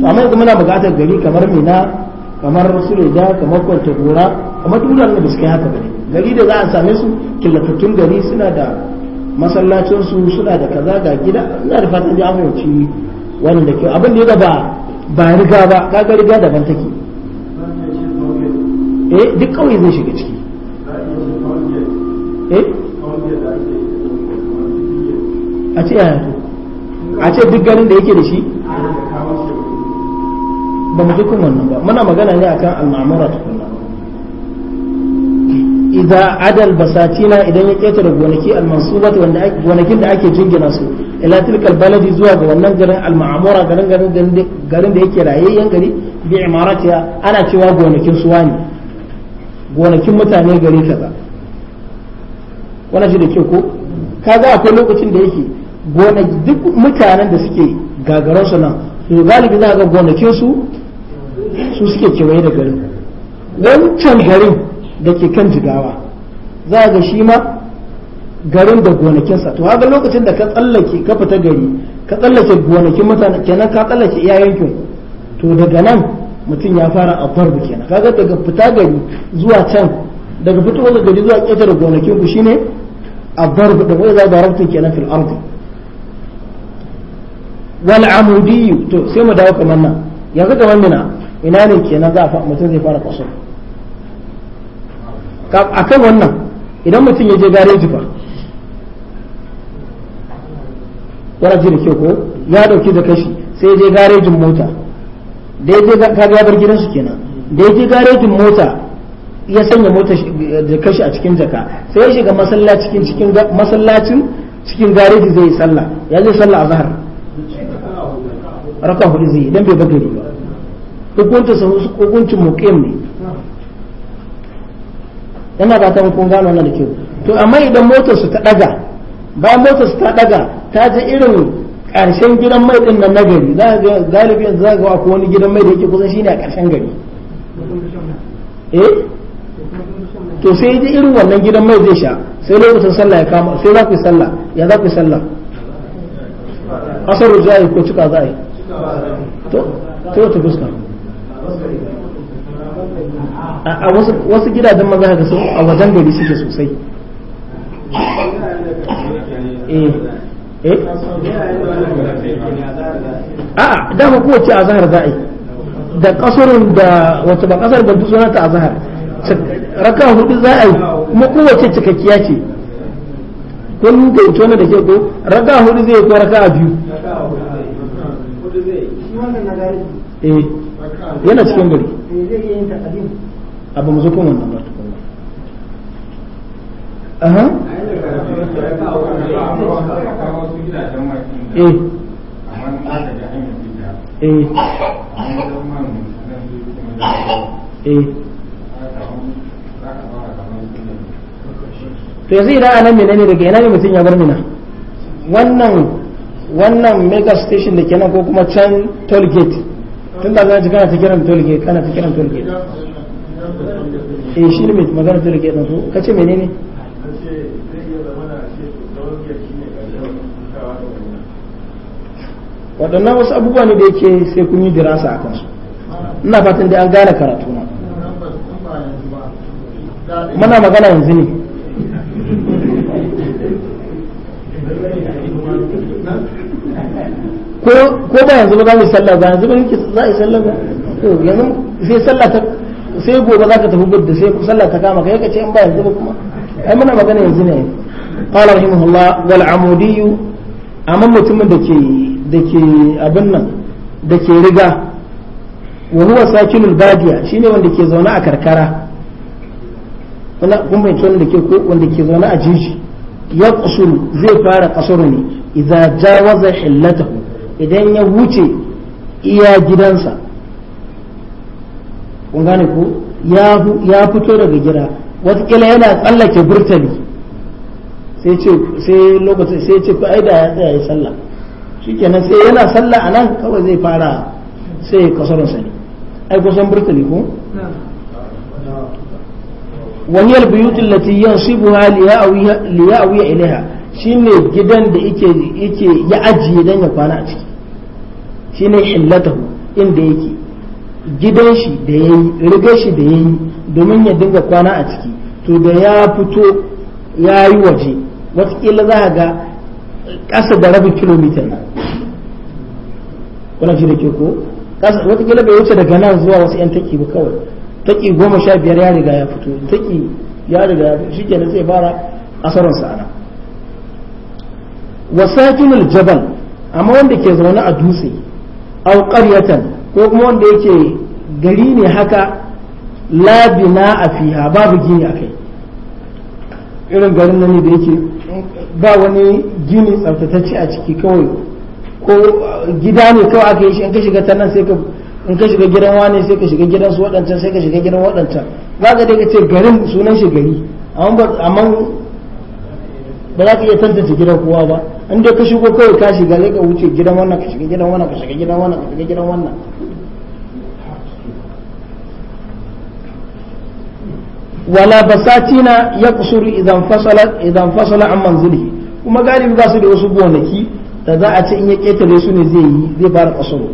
to amma yanzu muna buƙatar gari kamar Mina kamar Suleja kamar gora kamar duk ba da suka haka gari gari da za a same su killatattun gari suna da masallacin su suna da kaza ga gida ina da fatan da amince wani da kyau abin da ya ba ba riga ba kaga riga daban take eh duk kawai zai shiga ciki eh a ce a ce duk garin da yake da shi ba mu dukkan wannan ba muna magana ne akan al tukunna idan adal basatina idan ya ketare gonaki al mansubat wanda gonakin da ake jingina su ila tilkal baladi zuwa ga wannan garin al-ma'mura garin garin garin da yake rayayyen gari bi imaratiya ana cewa gonakin su wani gonakin mutane gari kaza wannan shi da kyau ko kaga akwai lokacin da yake gona duk mutanen da suke gagarar su nan to galibi za ga gonakin su su suke kewaye da garin wancan garin da ke kan jigawa za ga shi ma garin da gonakinsa to haka lokacin da ka tsallake ka fita gari ka tsallake gonakin mutane kenan ka tsallake iyayenkin to daga nan mutum ya fara a farbu kenan kaga daga fita gari zuwa can daga fitowar da gari zuwa ƙetare gonakin ku shine a farbu da wai za darabtun kenan fil ardi wal amudi to sai mu dawo kaman nan yanzu kaman mina ina ne kenan za a mutum zai fara kaso akan wannan idan mutum ya je gareji fa waraji da ke ko ya dauki da kashi sai je garejin mota da ya je kaga ga bar su kenan da ya je garejin mota ya sanya mota da kashi a cikin jaka sai ya shiga masallacin cikin masallacin cikin gareji zai yi sallah ya zai sallah a zahar raka hudu zai dan bai bagare ba hukunta sa hukuncin muqim ne yana ba ta kun gano wannan da kyau to amma idan motar su ta daga bayan motar su ta daga ta ji irin ƙarshen gidan mai ɗin nan na gari za ga galibi za ga akwai wani gidan mai da yake kusan shine a ƙarshen gari eh to sai ji irin wannan gidan mai zai sha sai lokacin sallah ya kama sai za ku yi sallah ya za ku yi sallah asarar za yi ko cika za a yi ta fuska a wasu gidajen maza ga su a wajen gari suke sosai eh. eh a da ku a azhar za'i da kasurun da wato ba kasar bantu suna ta azhar raka hudu za'i kuma kowace cikakkiya ce kun ga ito da ke ko raka hudu zai ko raka a biyu eh, yana cikin gari eh, abu mu zo kuma wannan ba aha eh eh eh to yanzu idan anan menene daga yana ne mutum ya bar mina wannan wannan mega station da ke nan ko kuma can toll gate tun da zai kana ta kiran toll gate kana ta kiran toll gate eh shi ne magana toll gate na ko kace menene waɗannan wasu abubuwa ne da yake sai kun yi dirasa a kansu ina fatan da an gane karatu na muna magana yanzu ne ko ba yanzu ba za mu sallah ba yanzu ba nake za a yi sallah ba yanzu sai sallah ta sai gobe za ka tafi gudu sai sallah ta kama kai ka ce in ba yanzu ba kuma ai muna magana yanzu ne qala rahimahullah wal amudiyu amma mutumin da ke da ke abin nan da ke riga wa huwa sakinul badiya shine wanda ke zaune a karkara wanda kun bai wanda ke ko wanda ke zaune a jiji ya kusuru zai fara kasuru ne idan waza hillatahu idan ya wuce iya gidansa kun gane ko ya fito daga gida watakila yana tsallake burtali sai ce sai lokacin sai ce ko ya tsaya ya sallah shikenan sai yana sallah a nan kawai zai fara sai kasarin sani ai kusan burtali ko wani albiyut allati yansibuha iliha ilaiha shine gidan da yake ya ajiye dan ya kwana a ciki shine hillatahu inda yake gidan shi da yayi riga shi da yayi domin ya dinga kwana a ciki to da ya fito ya yi waje wataƙila za ga kasa da rabin kilomita na wani shi da ke ko watakila bai wuce daga nan zuwa wasu 'yan taki ba kawai taki goma sha biyar ya riga ya fito taki ya riga ya fito shi kenan zai fara asarar sa'ana wasakinul jabal amma wanda ke zaune a dutse au qaryatan ko kuma wanda yake gari ne haka labina a fiha babu gini a kai irin garin nan da yake ba wani gini tsaftatacce a ciki kawai ko uh, gida ne kawai aka yi shi in ka shiga ta nan sai ka in ka shiga gidan wane sai ka shiga gidan su waɗancan sai ka shiga gidan waɗancan za ka dai ka ce garin sunan shi gari amma ba za ka iya tantance gidan kowa ba in dai ka shigo kawai ka shiga sai ka wuce gidan wannan ka shiga gidan wannan ka shiga gidan wannan ka shiga gidan wannan wala basatina ya kusuru idan fasala an manzili kuma galibi ba su da wasu gonaki da za a ce in ya ketare su ne zai yi zai fara kasuru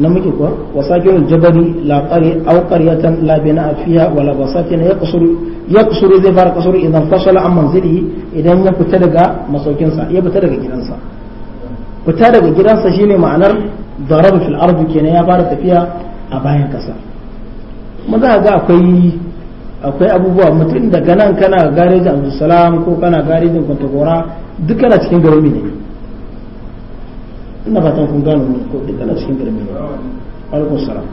na muke kuwa wasakin jabari laƙari au ƙaryatan labina a fiya wala basatina ya kusuru ya kusuri zai fara kasuru idan fasala an manzili idan ya fita daga masaukinsa ya fita daga gidansa fita daga gidansa shine ma'anar darar fil ardu kenan ya fara tafiya a bayan kasa maza ga akwai akwai abubuwa mutum daga nan kana garejin abdulsalam ko kana garejin kwantagora duk kana cikin garmi ne ina fatan kun gano ne ko duk kana cikin garmi ne alaikun salam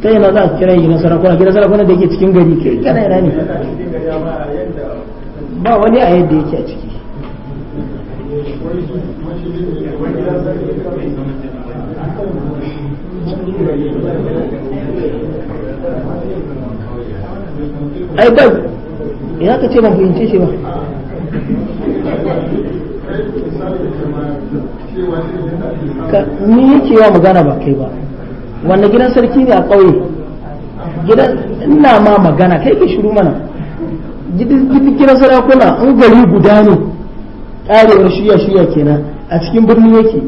ta yana za a kira yi na sarakuna gina sarakuna da yake cikin gari kai kana yana ne ba wani a yadda yake a ciki ai ba ya ka ce ba fahimce shi ba ni yake yawa magana ba kai ba wanda gidan sarki ne a ƙauye gidan ina ma magana kai ka shiru mana gidan sarakuna in gari guda ne karewar shuya shuya kenan a cikin birni yake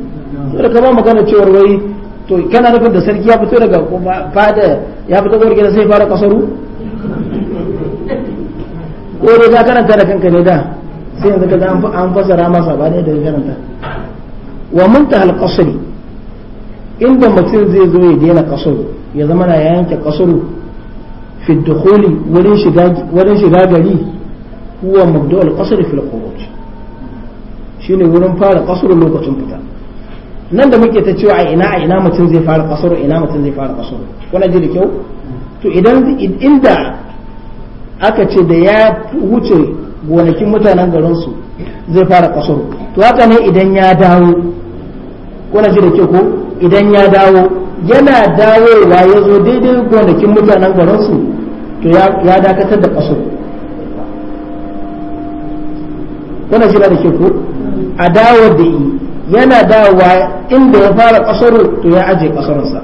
saboda kama magana cewar wai to kana nufin da sarki ya fito daga fada ya fito daga gidan sai fara kasaru ko dai ka karanta da kanka ne da sai yanzu ka an fasara masa ba ne da karanta wa muntahal qasri inda mutum zai zo ya daina kasaru ya zama na yanke kasaru fi dukhuli wurin shiga wurin shiga gari huwa mabda'ul qasri fil khuruj Shi ne wurin fara kasuru lokacin fita nan da muke ta cewa a ina a ina mutum zai fara kasuru ina mutum zai fara kasuru kuna ji da kyau to idan inda aka ce da ya wuce gonakin mutanen garin su zai fara kasuru to haka ne idan ya dawo kuna ji da kyau ko idan ya dawo yana dawowa ya zo daidai gonakin mutanen garin su to ya dakatar da kasuru kuna ji da kyau ko a dawo da yi yana dawowa inda ya fara kasar to ya aje kasarinsa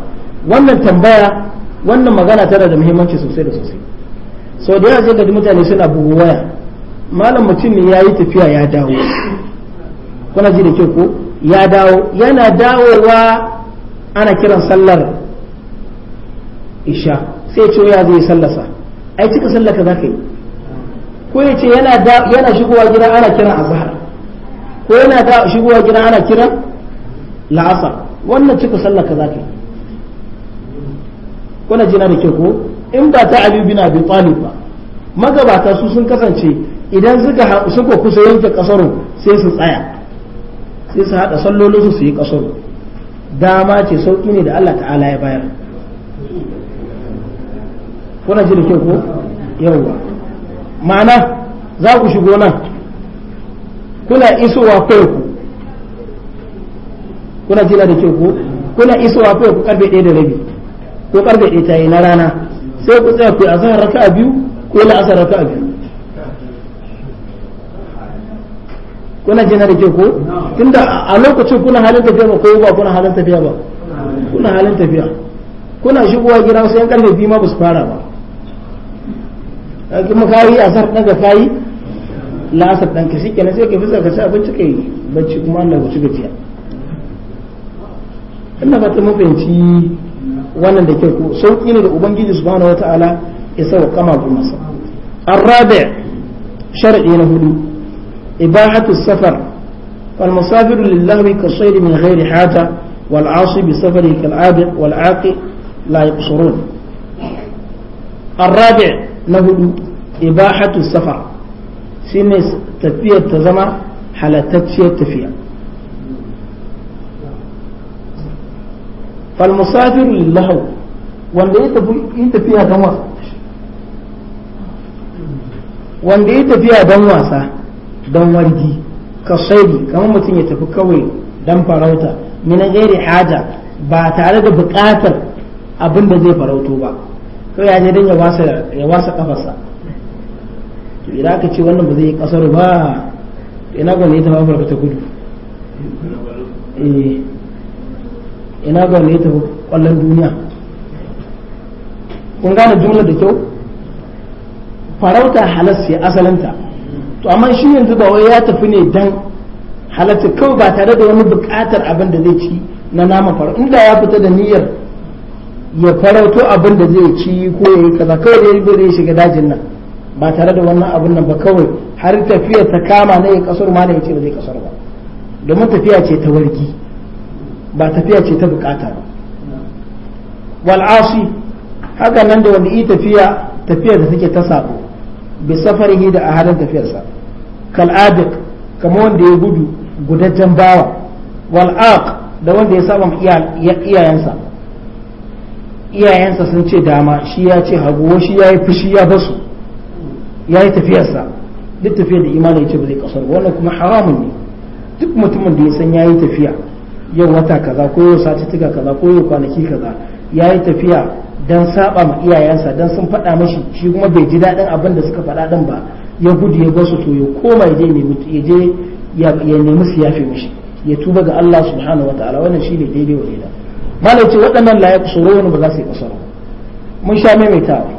wannan tambaya wannan magana tana da muhimmanci sosai da sosai sau da yawa sai ga mutane suna bugu waya malam mutum ne ya yi tafiya ya dawo kuna ji da kyau ko ya dawo yana dawowa ana kiran sallar isha sai ce ya zai sallasa ai cika sallaka za ka yi ko ya ce yana shigowa gida ana kiran azhar ko yana da shigowa gida ana kira la'asar wannan cika sallar ka zaka kuna jina da ke ko in ba ta Ali bin Abi Talib ba magabata su sun kasance idan suka suka kusa yanke kasaro sai su tsaya sai su hada sallolin su su yi kasaro dama ce sauki ne da Allah ta'ala ya bayar kuna jina da ke ko yawwa ma'ana za ku shigo nan kuna isowa kai ku kuna jina da kyau ku kuna isowa kai ku karfe 1 da rabi ko karfe 1 tayi na rana sai ku tsaya ku raka a biyu ko raka a biyu kuna jina da kyau ko tunda a lokacin kuna halin tafiya ba ko ba kuna halin tafiya ba kuna halin tafiya kuna shigowa gida sai yan karfe biyu ma ba su fara ba kuma kayi asar daga kayi la'asar ɗan kashi shi kenan sai ka fisa ka ci abinci ka bacci kuma Allah ku ci gajiya ina ba ta fahimci wannan da kyau ko sauki ne da ubangiji subhanahu wataala ya sa kama kuma masa. arabi shar'i na hudu ibahatu safar wal musafiru lillahi ka sayri min ghairi hata wal asi bi safari kal abiq wal aqi la yaqsurun arabi na hudu ibahatu safar shine tafiyar ta zama halattacciyar tafiya falmusafir lillahu wanda ya tafi tafiya don wasa wanda ya tafiya don wasa don wargi ka shaidi kamar mutum ya tafi kawai don farauta mina gairi haja ba tare da bukatar abin da zai farauto ba kawai ya je don ya wasa kafarsa to idan aka ce wannan ba zai yi kasar ba ina ga wani ta fa ta kudu eh, ina ga wani ta kwallon duniya kun gane jumla da kyau farauta halas ya asalinta to amma shi yanzu ba wai ya tafi ne dan halatta kawai ba tare da wani bukatar abin da zai ci na naman farauta inda ya fita da niyyar ya farauto abin da zai ci ko ya yi kaza kawai da ya shiga dajin nan ba tare da wannan abun nan ba kawai har tafiya ta kama na ya kasar ma ya ce ba zai kasar ba domin tafiya ce ta wargi ba tafiya ce ta bukata ba wal'asi haka nan da wanda yi tafiya tafiya da take ta sabo bi safarihi da a halin tafiyarsa kal'adik kamar wanda ya gudu gudajen bawa wal'ak da wanda ya saba iyayensa iyayensa sun ce dama shi ya ce hagu shi ya yi fushi ya basu ya yi tafiyarsa duk tafiyar da imanin ce ba zai kasar wannan kuma haramun ne duk mutumin da ya san ya yi tafiya yau wata kaza ko yau satuttuka kaza ko yau kwanaki kaza ya yi tafiya dan saba ma iyayensa dan sun faɗa mashi shi kuma bai ji daɗin abin da suka faɗa ɗin ba ya gudu ya basu to ya koma ya je ya nemi su yafe mashi ya tuba ga Allah subhanahu ta'ala wannan ne daidai wa daidai malai ce waɗannan la wani ba za su yi kasar mun sha maimaitawa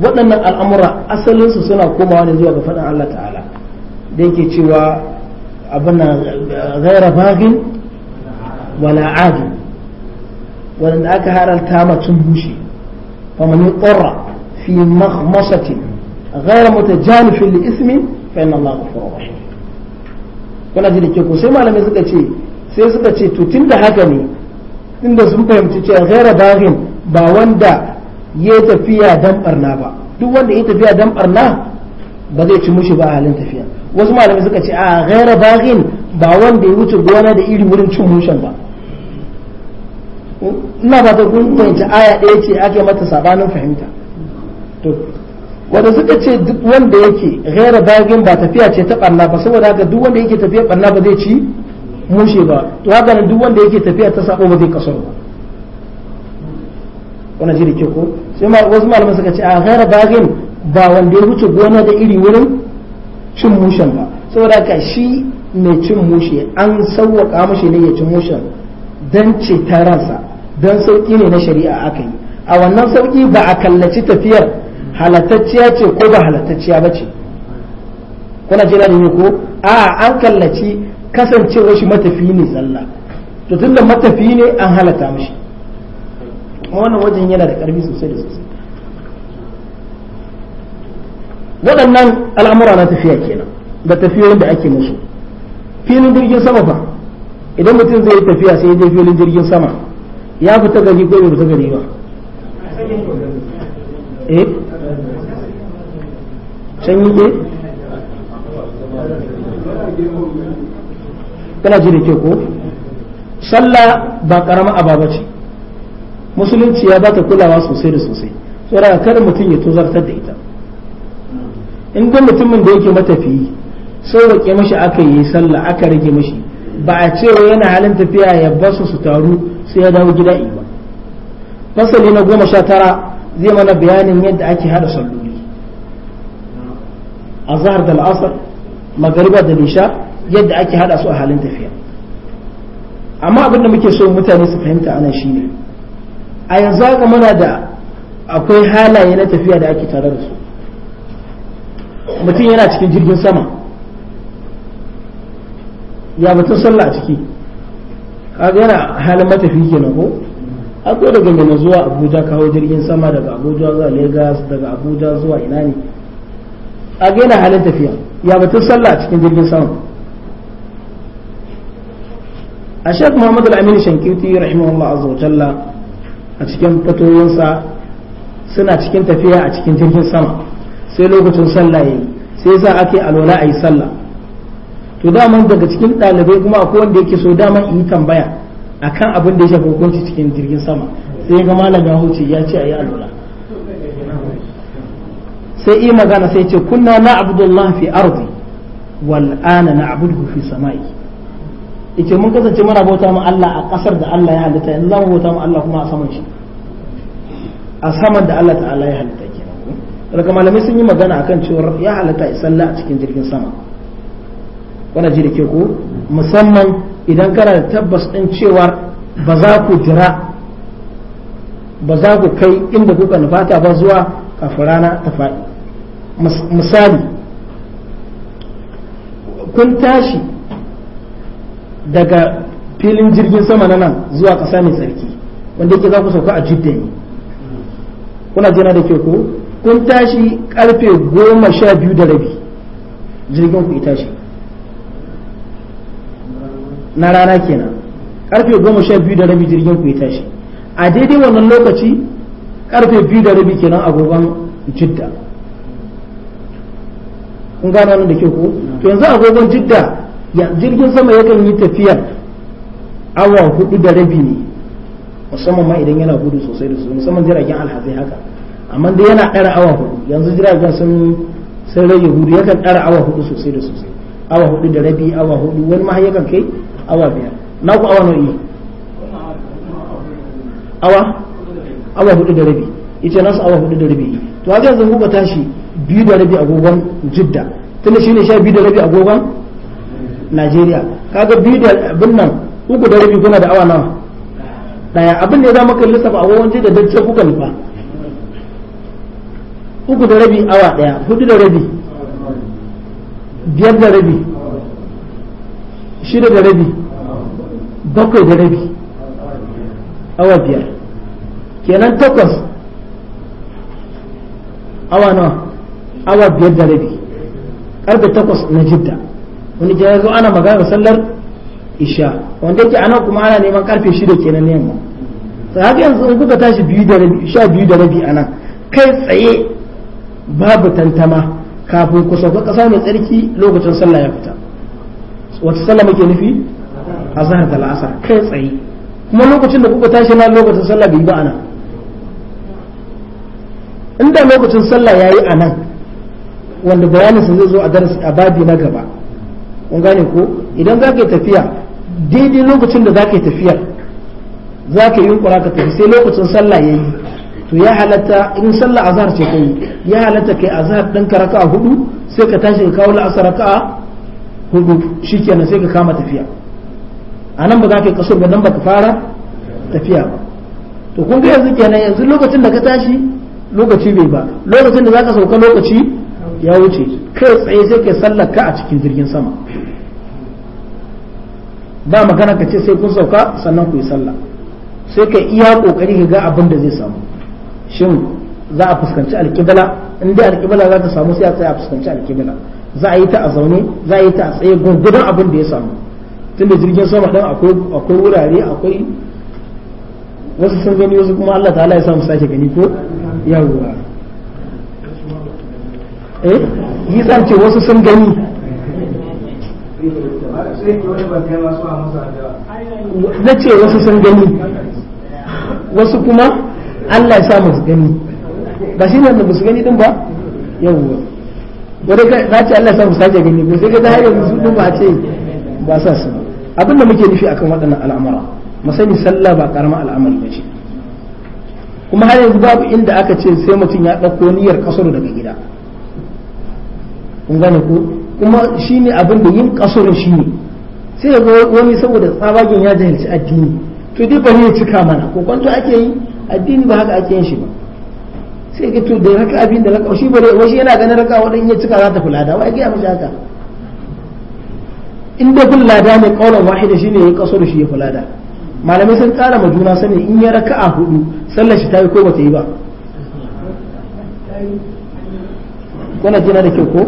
waɗannan al'amura asalinsu suna komawa ne zuwa ga faɗin Allah ta'ala da yake cewa abin na gaira bagin wala adu waɗanda aka haranta macin bushe faman yi ƙorra fi mahmasatin gaira mutajanifin li ismin fa inna Allah ghafurur rahim kuna ji da ke ko sai malamai suka ce sai suka ce to da haka ne tunda sun fahimci cewa gaira bagin ba wanda ya tafiya dan barna ba duk wanda ya tafiya dan barna ba zai ci mushi ba a halin tafiya wasu malamai suka ce a ghaira baghin ba wanda ya wuce gona da iri wurin cin mushen ba ina ba ta kun fahimci aya ɗaya ce ake mata sabanin fahimta to wanda suka ce duk wanda yake ghaira baghin ba tafiya ce ta barna ba saboda haka duk wanda yake tafiya barna ba zai ci mushe ba to haka duk wanda yake tafiya ta sabo ba zai kasar ba wannan jiri ke ko sai ma wasu malaman suka ce a gara bagin ba wanda ya wuce gona da iri wurin cin mushen ba saboda ka shi mai cin mushe an sauwaka mushe ne ya cin mushen don ce taransa don sauki ne na shari'a aka yi a wannan sauki ba a kallaci tafiyar halatacciya ce ko ba halatacciya ba ce kuna jira da ko a an kallaci kasancewar shi matafi ne zalla to tunda matafi ne an halata mushi. kuma wannan wajen yana da karfi sosai da sosai waɗannan al'amura na tafiya kenan da tafiyoyin da ake musu filin jirgin sama fa idan mutum zai yi tafiya sai dai filin jirgin sama ya fita gari ko bai fita gari ba eh can yi ke kana ji da ke ko sallah ba karama ababa ce musulunci ya bata kulawa sosai da sosai saboda kar mutum ya tozartar da ita in duk mutumin da yake matafiyi sauwaƙe mashi aka yi sallah aka rage mashi ba a cewa yana halin tafiya ya basu su taru sai ya dawo gida ba fasali na goma sha tara zai mana bayanin yadda ake hada salloli a zahar da al'asar magariba da nisha yadda ake hada su a halin tafiya amma abin da muke so mutane su fahimta anan shine a yanzu haka muna da akwai halaye na tafiya da ake tare da su mutum yana cikin jirgin sama ya batun sallah a ciki kaga yana halin matafi kenan ko akwai daga mina zuwa abuja kawo jirgin sama daga abuja zuwa lagos daga abuja zuwa ina ne a gaina halin tafiya ya batun sallah a cikin jirgin sama a shek muhammadu al-amin shankiti rahimahullah azza wa jalla a cikin fatoyinsa suna cikin tafiya a cikin jirgin sama sai lokacin sallah yi sai za ake alwala ayi sallah to daman daga cikin ɗalibai kuma akwai wanda yake so daman in yi tambaya kan abin da ya shafi hukunci cikin jirgin sama sai ga malam ya huce ya ce a ayi alola sai yi magana sai ce kunna na abdullah fi ardi wal'ana na abudu fi sama'i yace mun kasance muna bauta ma Allah a ƙasar da Allah ya halitta yanzu za mu bauta ma Allah kuma a saman shi a saman da Allah ta'ala ya halitta kenan daga malamai sun yi magana akan cewar ya halitta ya salla a cikin jirgin sama wani ji da ke ko musamman idan kana da tabbas ɗin cewar ba za ku jira ba za ku kai inda kuka nufata ba zuwa kafin rana ta faɗi misali kun tashi daga filin jirgin sama na nan zuwa ƙasa mai tsarki wanda yake za ku sauka a jidda ne kuna jina da ke ko kun tashi karfe goma sha biyu da rabi jirgin ku tashi na rana kenan karfe goma sha biyu da rabi jirgin ku tashi a daidai wannan lokaci karfe biyu da rabi kenan agogon jidda kun gano nan da ke ko to yanzu agogon jidda ya jirgin sama yakan yi tafiyar awa hudu da rabi ne musamman ma idan yana gudu sosai da sosai musamman jiragen alhazai haka amma dai yana ɗara awa hudu yanzu jiragen sun sun rage hudu yakan ɗara awa hudu sosai da sosai awa hudu da rabi awa hudu wani ma yakan kai awa biyar na ku awa nau'i awa awa hudu da rabi ita nasu awa hudu da rabi to haka yanzu ku tashi biyu da rabi agogon jidda tunda shine sha biyu da rabi agogon Najeriya kaga biyu abin nan uku da rabi kuna da awa nawa daya abin da ya zama kan lissafa a wajen da dace kuka nufa uku da rabi awa daya hudu da rabi biyar da rabi shida da rabi bakwai da rabi awa biyar kenan takwas awa nawa awa biyar da rabi karfe takwas na jidda wani ya zo ana magana sallar isha wanda yake ana kuma ana neman karfe shida kenan ne yamma to haka yanzu in kuka tashi biyu da rabi sha biyu da rabi anan kai tsaye babu tantama kafin ku sauka kasa mai tsarki lokacin sallah ya fita wata sallah muke nufi azhar da la'asar kai tsaye kuma lokacin da kuka tashi na lokacin sallah bai ba anan inda lokacin sallah yayi anan wanda bayanin sun zai zo a darasi a babi na gaba kun gane ko idan za ka yi tafiya daidai lokacin da za ka yi tafiyar za ka yi ka tafi sai lokacin sallah ya yi to ya halatta in sallah azhar ce kai ya halatta kai azhar dan ka raka'a hudu sai ka tashi ka kawo la'asar raka'a hudu shikenan sai ka kama tafiya a nan ba za ka yi kaso ba nan ba ka fara tafiya ba to kun ga yanzu kenan yanzu lokacin da ka tashi lokaci bai ba lokacin da za ka sauka lokaci ya wuce kai tsaye sai ka sallar ka a cikin jirgin sama ba magana ka ce sai kun sauka sannan ku yi sallah sai ka iya kokari ka ga abin da zai samu shin za a fuskanci alkibla in dai alkibla za ta samu sai a tsaya a fuskanci alkibla za a yi ta a zaune za a yi ta a tsaye gungudan abin da ya samu tunda jirgin sama ɗin akwai wurare akwai wasu sun gani wasu kuma Allah ta'ala ya samu sake gani ko yawwa eh yi zance wasu sun gani na ce wasu sun gani wasu kuma Allah ya sa masu gani ba shi ne ba su gani din ba yawwa wadda ka ce Allah ya sa sake gani ba sai ga zahiri su din ba ce ba sa su abin da muke nufi akan waɗannan al'amura masani sani sallah ba karama al'amari ba ce kuma har yanzu babu inda aka ce sai mutum ya ɗauko niyyar kasar daga gida kun gane ko kuma shi ne abin da yin kasoro ne sai ga wani saboda tsabagen ya jahilci addini to dai bari ya cika mana ko kwanto ake yi addini ba haka ake yin shi ba sai ga to da raka abin da raka shi bare wasu yana ganin raka wadan ya cika za ta da wa ga mu haka in da fulada ne kaulan wahida shine ya kasoro shi ya kula da malamai sun kara ma juna sani in ya a hudu sallar shi ta yi ko ba ta yi ba kuna jina da kyau ko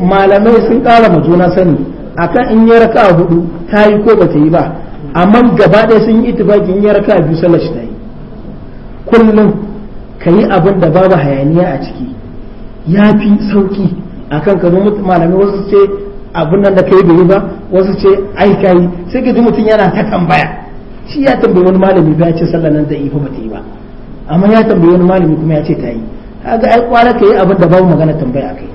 malamai sun kara ma juna sani akan in ya raka hudu ta yi ko bata yi ba amma gaba ɗaya sun yi itibaki in ya raka biyu sallar shi ta yi kullum ka yi abin da babu hayaniya a ciki ya fi sauki akan ka zo malamai wasu ce abin nan da kai bai ba wasu ce ai kai sai ka ji mutum yana ta tambaya shi ya tambayi wani malami ba ya ce sallar nan da ifa ta yi ba amma ya tambayi wani malami kuma ya ce ta yi kaga ai kwara ka yi abin da babu magana tambaya kai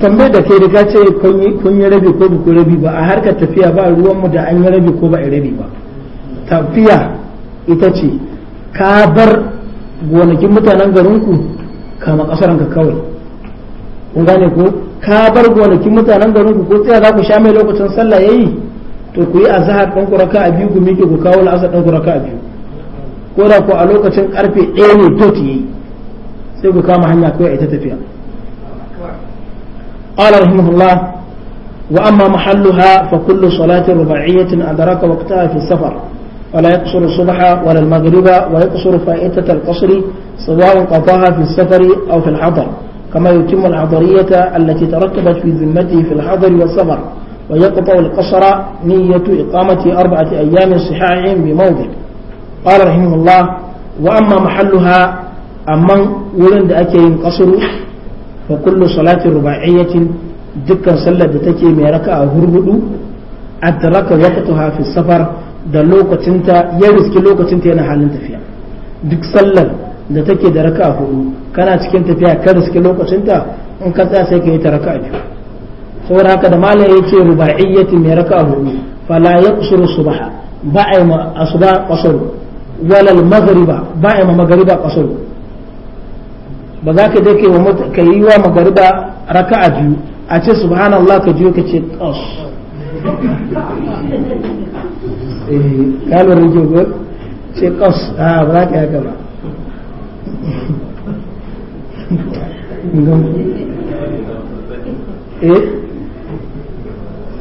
tambayar da kai riga ce kun yi rabi ko ba rabi ba a harkar tafiya ba ruwan mu da an yi rabi ko ba a rabi ba tafiya ita ce ka bar gonakin mutanen garinku kama kasaranka kawai kun gane ko ka bar gonakin mutanen garinku ko tsaya za ku sha mai lokacin sallah yayi to ku yi azhar ɗan kuraka a biyu ku miƙe ku kawo la'asar ɗan kuraka a biyu ko da ku a lokacin karfe ɗaya ne dot yayi sai ku kama hanya kawai ita tafiya قال رحمه الله وأما محلها فكل صلاة رباعية أدرك وقتها في السفر ولا يقصر الصبح ولا المغرب ويقصر فائتة القصر سواء قضاها في السفر أو في الحضر كما يتم العضرية التي ترتبت في ذمته في الحضر والسفر ويقطع القصر نية إقامة أربعة أيام صحاع بموضع قال رحمه الله وأما محلها أمن ولن أكين قصر fa kullu salatin ruba'iyyatin dukkan sallar da take mai raka'a hurhudu adraka waqtaha fi safar da lokacinta ya riski lokacinta yana halin tafiya duk sallar da take da raka hudu kana cikin tafiya ka riski lokacinta in ka tsaya sai ka yi ta raka'a biyu saboda haka da malam ya ce ruba'iyyatin mai raka hudu fala yaqsuru subaha ba a yi asuba qasaru wala al-maghriba ba maghriba qasaru ba za ka je ka yi wa ka yi wa biyu a ce subhanallah ka jiyo ka ce tos eh, kalmar rage gol ce tos a ah, ba za ka yaka ba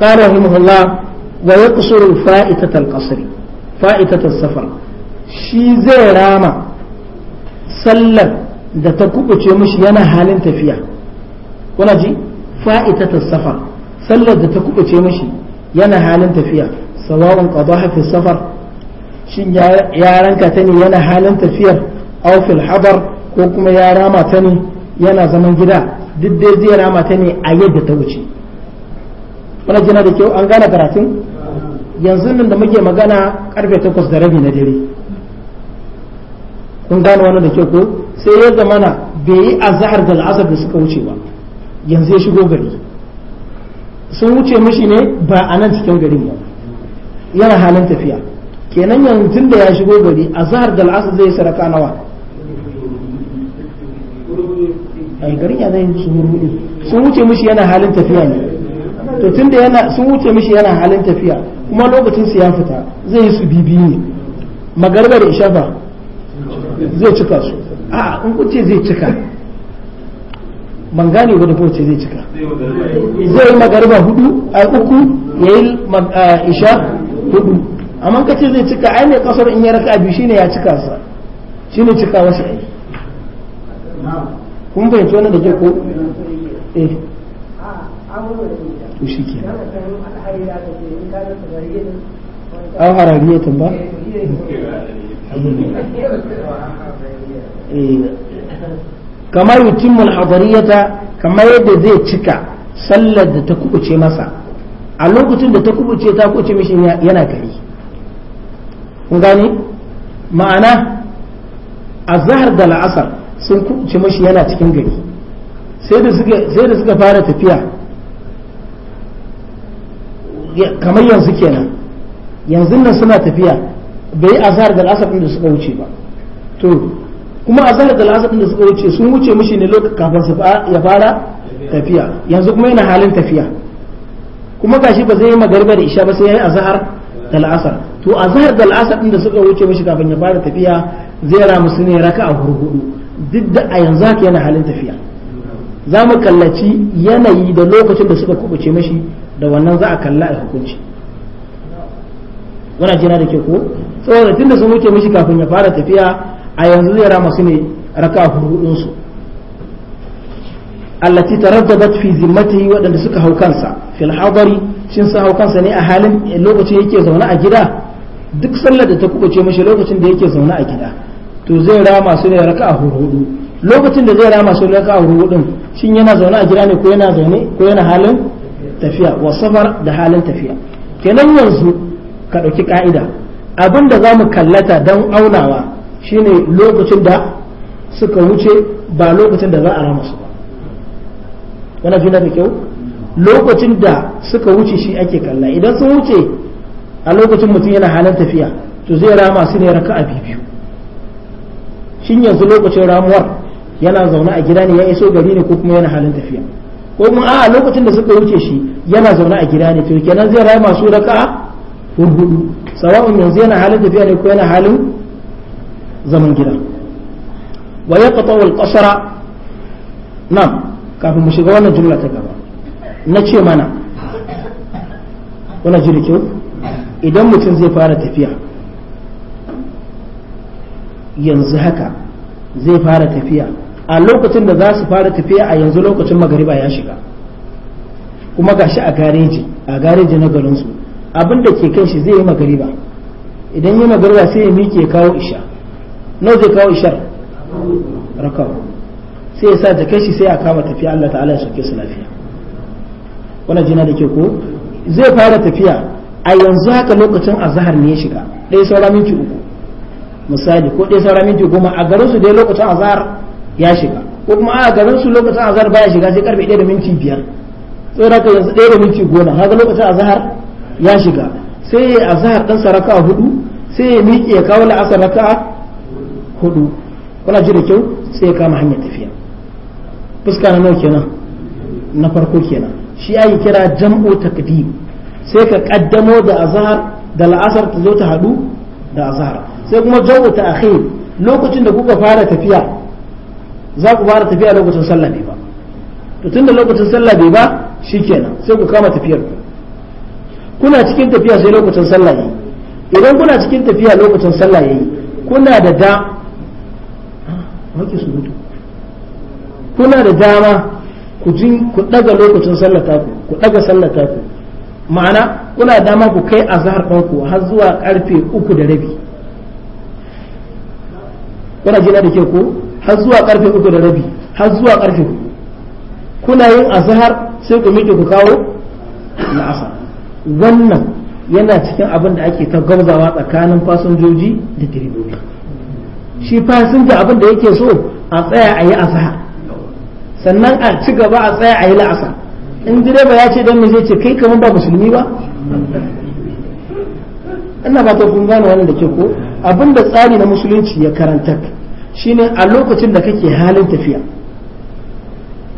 قال رحمه الله ويقصر فائتة القصر فائتة السفر شي زي راما sallar da ta kubuce mishi yana halin tafiya kuna ji fa'itata safar sallar da ta kubuce mishi yana halin tafiya sawa'un qadaha fi safar shin ya ranka yana halin tafiyar aw fil hadar ko kuma ya rama tani yana zaman gida duk dai zai rama ta ne a yadda ta wuce kuna jina da kyau an gane karatun yanzu nan da muke magana karfe takwas da rabi na dare kun gane wannan da kyau ko sai ya zamana bai yi zahar da la'asar da suka wuce ba yanzu ya shigo gari sun wuce mishi ne ba a nan cikin garin ba yana halin tafiya kenan yanzu da ya shigo gari zahar da la'asar zai saraka nawa ai garin ya zai su hurhudu sun wuce mishi yana halin tafiya ne to da yana sun wuce mishi yana halin tafiya kuma lokacin su ya fita zai yi su bibi ne magarba da ishafa zai cika su a in kuce ce zai cika ban gane ba da ce zai cika zai yi magariba hudu a uku ya yi isha hudu amma ka ce zai cika ai ne kasar in ya raka biyu shine ya cika sa shine cika wasu ai kun fahimci tona da ke ko eh shi ke an harariyatun ba Eh. kama yutimmu al-hadariyata kama yadda zai cika sallar da ta kubuce masa a lokacin da ta kubuce ta kubuce mishi yana kari kun gani ma'ana azhar da la'asar sun kubuce mishi yana cikin gari sai da suka sai da suka fara tafiya kamar yanzu kenan yanzu nan suna tafiya bai azhar da la'asar din da suka wuce ba to kuma a zahar da la'asar da suka wuce sun wuce mishi ne lokacin kafin su ya fara tafiya yanzu kuma yana halin tafiya kuma gashi ba zai yi magariba da isha ba sai yayi zahar da la'asar to zahar da la'asar ɗin da suka wuce mishi kafin ya fara tafiya zai ramu musu ne a hurhudu duk da a yanzu haka yana halin tafiya za mu kallaci yanayi da lokacin da suka kubuce mishi da wannan za a kalla a hukunci wana jina da ke ko saboda tun da sun wuce mashi kafin ya fara tafiya a yanzu zai rama su ne raka hudun su allati taraddadat fi zimmatihi waɗanda suka hau kansa fil hadari shin sun hau kansa ne a halin lokacin yake zaune a gida duk sallar da ta ce mashi lokacin da yake zaune a gida to zai rama su ne raka hudu lokacin da zai rama su ne raka hudu shin yana zaune a gida ne ko yana zaune ko yana halin tafiya wa safar da halin tafiya kenan yanzu ka ɗauki ka'ida abin da za mu kallata don aunawa shine lokacin da suka wuce ba lokacin da za a rama su ba yana juna da kyau lokacin da suka wuce shi ake kalla idan sun wuce a lokacin mutum yana halin tafiya to zai rama su ne raka'a biyu shin yanzu lokacin ramuwar yana zaune a gida ne ya iso gari ne ko kuma yana halin tafiya ko kuma a lokacin da suka wuce shi yana zaune a gida ne to kenan zai rama su raka'a hudu sawa'un yanzu yana halin tafiya ne ko yana halin zaman gida wa ya taɓa wal ƙasara nan kafin mu shiga wannan jumla ta gaba na ce mana wani jiri kyau idan mutum zai fara tafiya yanzu haka zai fara tafiya a lokacin da za su fara tafiya a yanzu lokacin magariba ya shiga kuma gashi a gareji a gareji na garinsu abin da ke kan shi zai yi magariba idan yi magariba sai ya miƙe kawo isha Nau zai kawo ishar rakawa sai ya sa jakar shi sai a kama tafiya Allah ta'ala ya sauke su lafiya wannan jina da ke ko zai fara tafiya a yanzu haka lokacin zahar ne ya shiga ɗaya saura minti uku misali ko ɗaya saura minti goma a garin su dai lokacin zahar ya shiga ko kuma a garin su lokacin zahar baya shiga sai karfe ɗaya da minti biyar sai raka yanzu ɗaya da minti goma haka lokacin zahar ya shiga sai a zahar ɗan saraka hudu sai ya miƙe ya kawo la'asar raka'a hudu kuna ji da kyau sai ya kama hanyar tafiya fuska na nawa kenan na farko kenan shi yi kira jam'u takdim sai ka kaddamo da azhar da la'asar ta zo ta hadu da azhar sai kuma jam'u ta'khir lokacin da kuka fara tafiya za ku fara tafiya lokacin sallah ne ba to tunda lokacin sallah bai ba shikenan sai ku kama tafiyar ku kuna cikin tafiya sai lokacin sallah yayi idan kuna cikin tafiya lokacin sallah yayi kuna da da su mutu kuna da dama ku jin ku daga lokacin sallata ku ku daga sallata ku ma'ana kuna da dama ku kai azhar ɗan ku har zuwa karfe uku da rabi kuna jina da ke ku har zuwa karfe uku da rabi har zuwa karfe hudu kuna yin azhar sai ku miƙe ku kawo la'asar wannan yana cikin abin da ake ta gauzawa tsakanin fasinjoji da direbobi shi fasinja abin da yake so a tsaya a yi asa sannan a ci gaba a tsaya a yi la'asa in direba ya ce don zai ce kai kamar ba musulmi ba ina ba ta kun gane wannan da ke ko abin da tsari na musulunci ya karanta shine a lokacin da kake halin tafiya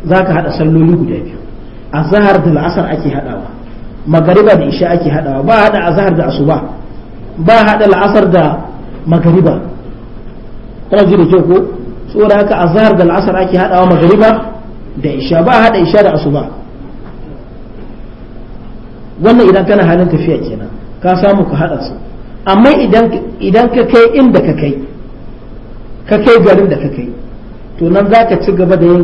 za ka haɗa salloli guda biyu a zahar da la'asar ake haɗawa magariba da isha ake haɗawa ba haɗa a zahar da asuba ba haɗa la'asar da magariba kana ji da kyau ko saboda haka azhar da al'asar ake hadawa magariba da isha ba hada isha da asuba wannan idan kana halin tafiya kenan ka samu ka hada su amma idan idan ka kai inda ka kai ka kai garin da ka kai to nan za ka ci gaba da yin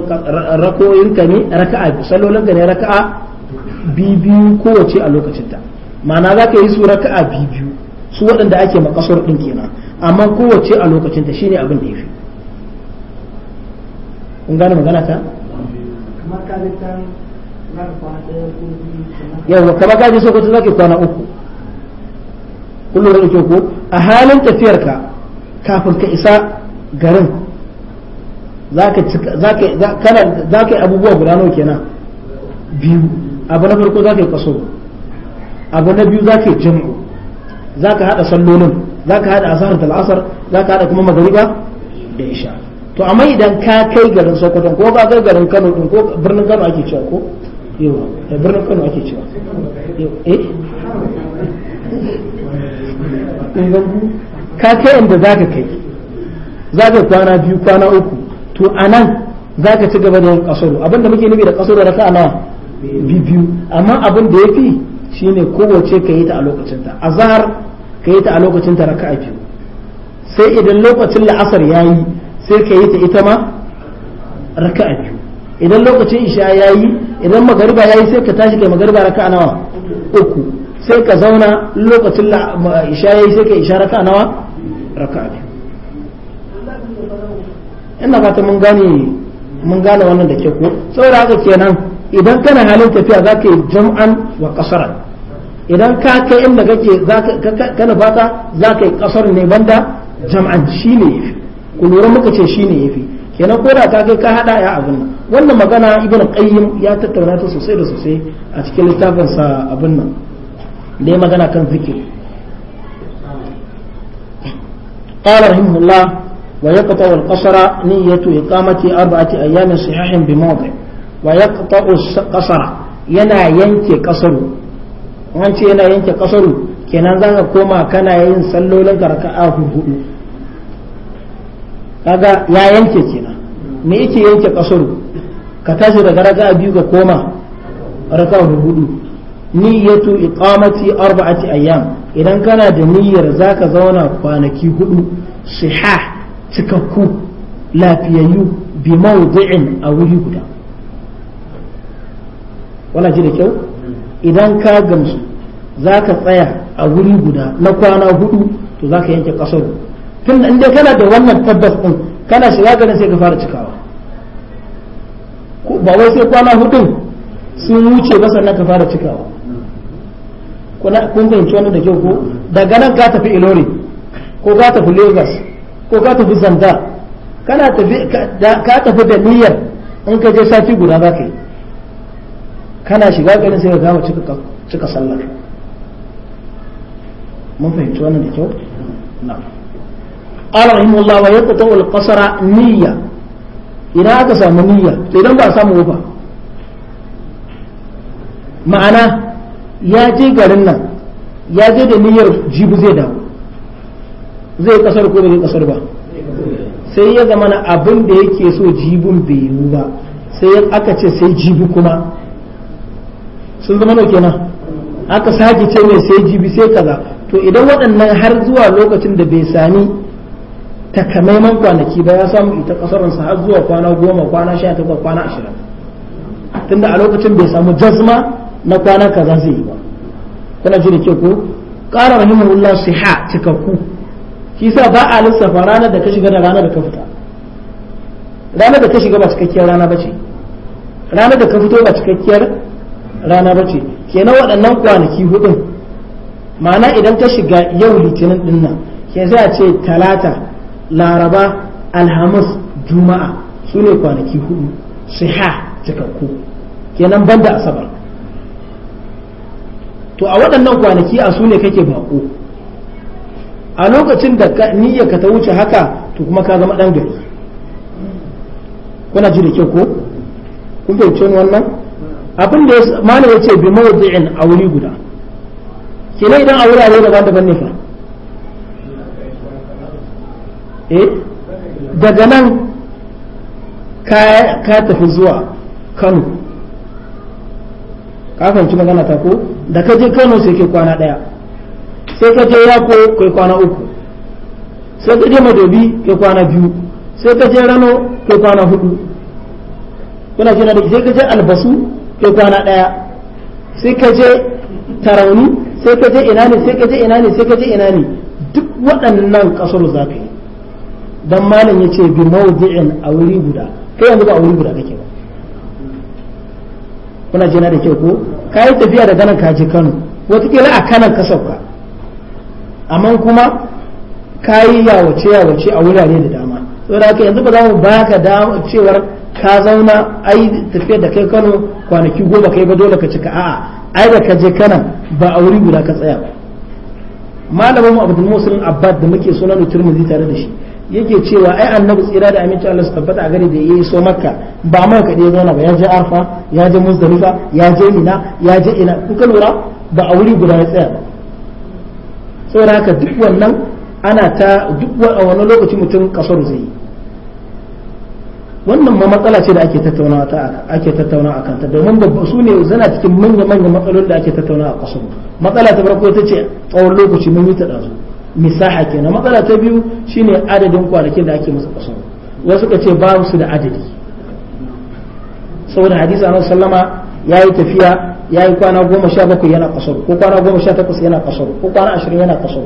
rakoyinka ne raka'a biyu ga ne raka'a biyu kowace a lokacinta ma'ana za ka yi su raka'a biyu su waɗanda ake makasar ɗin kenan amma kowace a lokacin ta shine abin da yafi kun gane magana ta yau kamar ka so sokoto zaki kwana uku kullum da ke ku a halin tafiyarka kafin ka isa garin za ka yi abubuwa guda nawa kenan biyu abu na farko za ka yi kaso abu na biyu za ka yi jam'u za ka haɗa sallolin za ka haɗa asahar da la'asar za ka haɗa kuma magariba da isha to amma idan ka kai garin Sokoto ko ba kai garin kano din ko birnin kano ake cewa ko Yau, da eh, birnin kano ake cewa eh ka kai inda za ka kai za ka kwana biyu kwana uku to a nan za ka ci gaba da yin kasoro abinda muke nufi da kasoro raka'a nawa biyu amma abin da ya fi shine kowace ka yi ta a lokacinta azhar ka yi ta a lokacin ta raka'a biyu sai idan lokacin la'asar ya yi sai ka yi ta ita ma raka'a biyu idan lokacin isha ya yi idan magariba ya yi sai ka tashi kai magariba raka'a nawa uku sai ka zauna lokacin isha ya yi sai ka isha raka'a nawa raka'a biyu ina fata mun gane mun gane wannan da ke ko saboda haka kenan idan kana halin tafiya za ka yi jam'an wa kasaran idan ka kai inda kake kana fata za ka yi kasar ne banda jam'an shi ne yafi ku lura muka ce shi ne yafi kenan ko da ka kai ka hada ya abin nan wannan magana ibn qayyim ya tattauna ta sosai da sosai a cikin littafin sa abin nan da magana kan zikiri قال رحمه الله ويقطع القصر نية إقامة أربعة أيام صحيح بموضع ويقطع القصر ينا yanke قصره an ce yana yanke kasaru kenan za ka koma kana yin sallolin karka a hudu kaga ya yanke kenan me yake yanke kasaru ka tashi daga raka biyu ka koma raka hudu niyyatu iqamati arba'ati ayyam idan kana da niyyar zaka zauna kwanaki hudu siha cikakku lafiyayyu bi mawdi'in a wuri guda wala ji da kyau idan ka gamsu za ka tsaya a wuri guda na kwana hudu to za ka yanke kasar tun inda kana da wannan tabbas din kana shiga garin sai ka fara cikawa ba wai sai kwana hudun sun wuce ba sannan ka fara cikawa kuna kun fahimci wannan da kyau ko daga nan ka tafi ilori ko ka tafi lagos ko ka tafi zanda kana tafi ka tafi da niyyar in ka je sati guda za ka yi kana shiga garin sai ka gama cika sallar mun fahimci wannan da kyau na قال رحمه الله niyya idan نية samu niyya to idan ba samu ba ma'ana ya je garin nan ya je da niyyar jibi zai dawo zai kasar ko bai kasar ba sai ya zama na abin da yake so jibin bai yiwu ba sai aka ce sai jibi kuma sun zama nauke na aka sake ce mai sai jibi sai kaza to idan waɗannan har zuwa lokacin da bai sami takamaiman kwanaki ba ya samu ita kasaransa har zuwa kwana goma kwana sha takwas kwana ashirin tunda a lokacin bai samu jazma na kwana kaza zai yi ba kuna ji da ke ko ƙara rahimahullah siha cikakku shi sa ba a lissafa ranar da ka shiga da ranar da ka fita ranar da ka shiga ba cikakkiyar rana ba ce ranar da ka fito ba cikakkiyar rana ba ce kenan waɗannan kwanaki hudun ma'ana idan ta shiga yau litinin din nan ke za a ce talata laraba alhamis juma'a su ne kwanaki hudu ha cikakku kenan banda asabar to a waɗannan kwanaki a su ne kake baƙo a lokacin da niyyar ka ta wuce haka to kuma ka zama ɗan gari kuna ji da kyau ko kun fahimci wannan abin da malam ya ce bi mawdi'in a wuri guda kenan idan a wurare daban-daban ne fa eh daga nan ka tafi zuwa Kano ka fahimci magana ta ko da ka je Kano sai ke kwana daya sai ka je Yako kai kwana uku sai ka je Madobi kai kwana biyu sai ka je Rano kai kwana hudu kuna jina da sai ka je Albasu sai kwana ɗaya sai ka je tarauni sai ka je ina ne sai ka je ina ne sai ka je ina ne duk waɗannan kasar za ka yi don malam ya ce bi mawdi'in a wuri guda kai yanzu ba a wuri guda kake ba kuna jina da kyau ko ka yi tafiya da ganin kaji kano wataƙila a kanan ka sauka amma kuma ka yi yawace yawace a wurare da dama saboda haka yanzu ba za mu baka cewar ka zauna ai tafiyar da kai Kano kwanaki goma kai ba dole ka cika a'a ai da ka je kana ba a wuri guda ka tsaya malamin malamin Abdul Musulun Abbad da muke sunan Tirmidhi tare da shi yake cewa ai annabi tsira da aminci Allah su tabbata a gare da ya yi so makka ba man ya zauna ba ya je arfa ya je musdalifa ya je mina ya je ina kuka lura ba a wuri guda ya tsaya ba saboda haka duk wannan ana ta duk wani lokaci mutum kasar zai yi wannan ma matsala ce da ake tattaunawa ta ake tattauna akan ta domin da su ne zana cikin manya manyan matsalolin da ake tattaunawa a kasu matsala ta farko ita ce tsawon lokaci mun yi ta dazu misaha kenan matsala ta biyu shine adadin kwanakin da ake masa kasu wasu ka ce ba su da adadi saboda hadisi annabi sallama ya yi tafiya ya yi kwana goma sha bakwai yana kasar ko kwana goma sha takwas yana kasar ko kwana ashirin yana kasar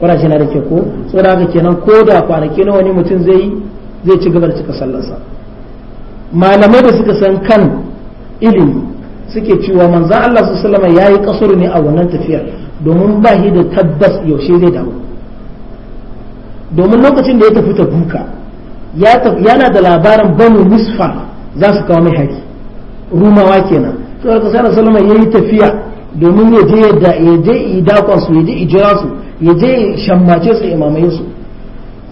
kuna shi na da ke ko saboda haka kenan ko da kwanaki nawa ne mutum zai yi zai ci gaba da cika sallarsa malamai da suka san kan ilimi suke cewa manzan Allah su salama ya yi kasuru ne a wannan tafiyar domin ba shi da tabbas yaushe zai dawo domin lokacin da ya tafi ta buka yana da labarin banu misfa za su kawo mai haki rumawa kenan sai ka sai salama ya yi tafiya domin ya je ya je idakon su ya je ijira su ya je shammace su imamai su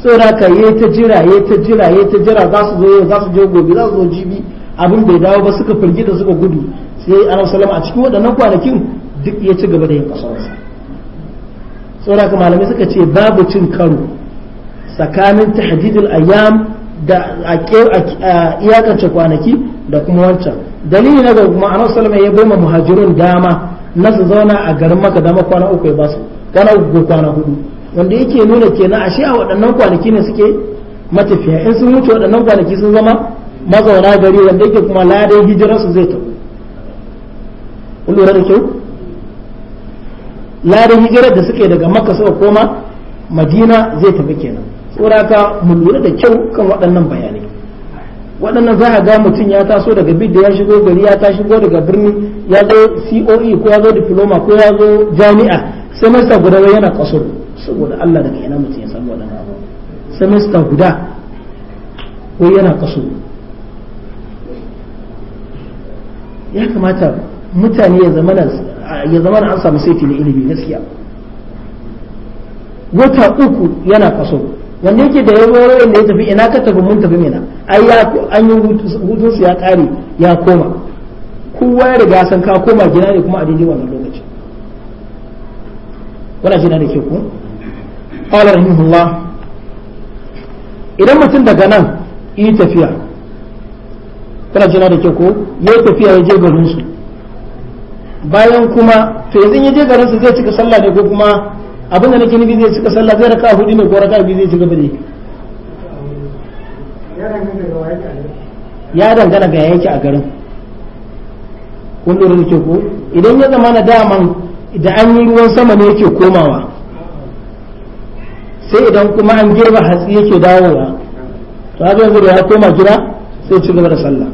saboda ka yi ta jira yi ta jira yi ta jira za su zo yau za su je gobe za su zo jibi abin bai dawo ba suka firgi da suka gudu sai ana salama a cikin waɗannan kwanakin duk ya ci gaba da yin kasuwarsa saboda ka malamai suka ce babu cin karo tsakanin hadidul ayyam da a iyakance kwanaki da kuma wancan dalili na kuma ana salama ya bai ma muhajirun dama na su zauna a garin maka dama kwana uku ya basu kwana uku ko kwana hudu wanda yake nuna kenan ashe a waɗannan kwanaki ne suke matafiya in sun mutu waɗannan kwanaki sun zama mazauna gari wanda yake kuma ladan hijirarsu zai tafi kun da kyau ladan hijirar da suke daga makka suka koma madina zai tafi kenan tsoraka mu lura da kyau kan waɗannan bayanai waɗannan za a ga mutum ya taso daga bid ya shigo gari ya tashi shigo daga birni ya zo coe ko ya zo diploma ko ya zo jami'a sai masa guda yana kasuru saboda Allah daga ina mutum ya samu waɗannan abu semesta guda ko yana kaso ya kamata mutane ya zama an samu saiti na ilimi gaskiya wata uku yana kaso wanda yake da yawayoyin da ya tafi ina ka tafi mun tafi mina an yi hutunsu ya kare ya koma kowa ya riga san ka koma gida ne kuma a daidai wannan lokaci wannan shi da ke ku qala rahimahullah idan mutum daga nan yi tafiya kana jina da ke ko ya tafiya ya je garinsu bayan kuma to yanzu ya je garinsu zai cika sallah ne ko kuma abin da nake nufi zai cika sallah zai raka hudu ne ko raka biyu zai cika bane ya dangana ga yake a garin kun da ke ko idan ya zama na daman da an yi ruwan sama ne yake komawa sai idan kuma an girba hatsi yake dawowa to haka yanzu da ya koma gida sai ci gaba da sallah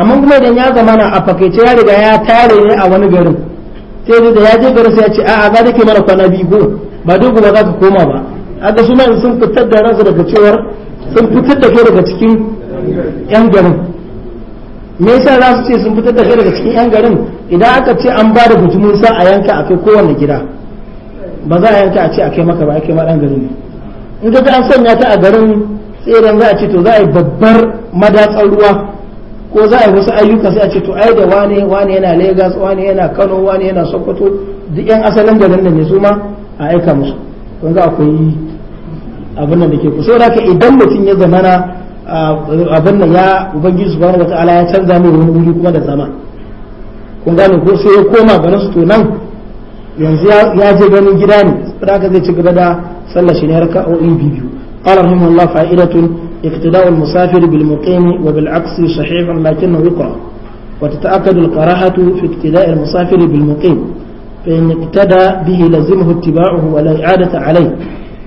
amma kuma idan ya zama na a fakaice ya riga ya tare ne a wani garin sai da ya je garin sai ya ce a'a za ke mana kwana biyu ko ba duk ba za ka koma ba haka su sun fitar da ransu daga cewar sun fitar da kai daga cikin yan garin me yasa za su ce sun fitar da kai daga cikin yan garin idan aka ce an ba da bijimin a yanka a kai kowane gida ba za a yanka a ce a kai maka ba a kai ma dan ne in ka an sanya ta a garin tseren za a ce to za a yi babbar madatsar ruwa ko za a yi wasu ayyuka sai a ce to ai da wane wane yana Lagos wane yana Kano wane yana Sokoto duk yan asalin garin nan ne su ma a aika musu kun ga akwai abin nan da ke kusa da idan mutum ya zamana abin nan ya ubangiji subhanahu wataala ya canza mai wani wuri kuma da zama kun gane ko sai ya koma garin su to nan yanzu ya je ganin gida ne saboda haka zai ci gaba da sallar shi ne raka'o'i biyu قال رحمه الله فائدة اقتداء المسافر بالمقيم وبالعكس صحيح لكنه يقرأ وتتأكد القراحة في اقتداء المسافر بالمقيم فإن اقتدى به لزمه اتباعه ولا إعادة عليه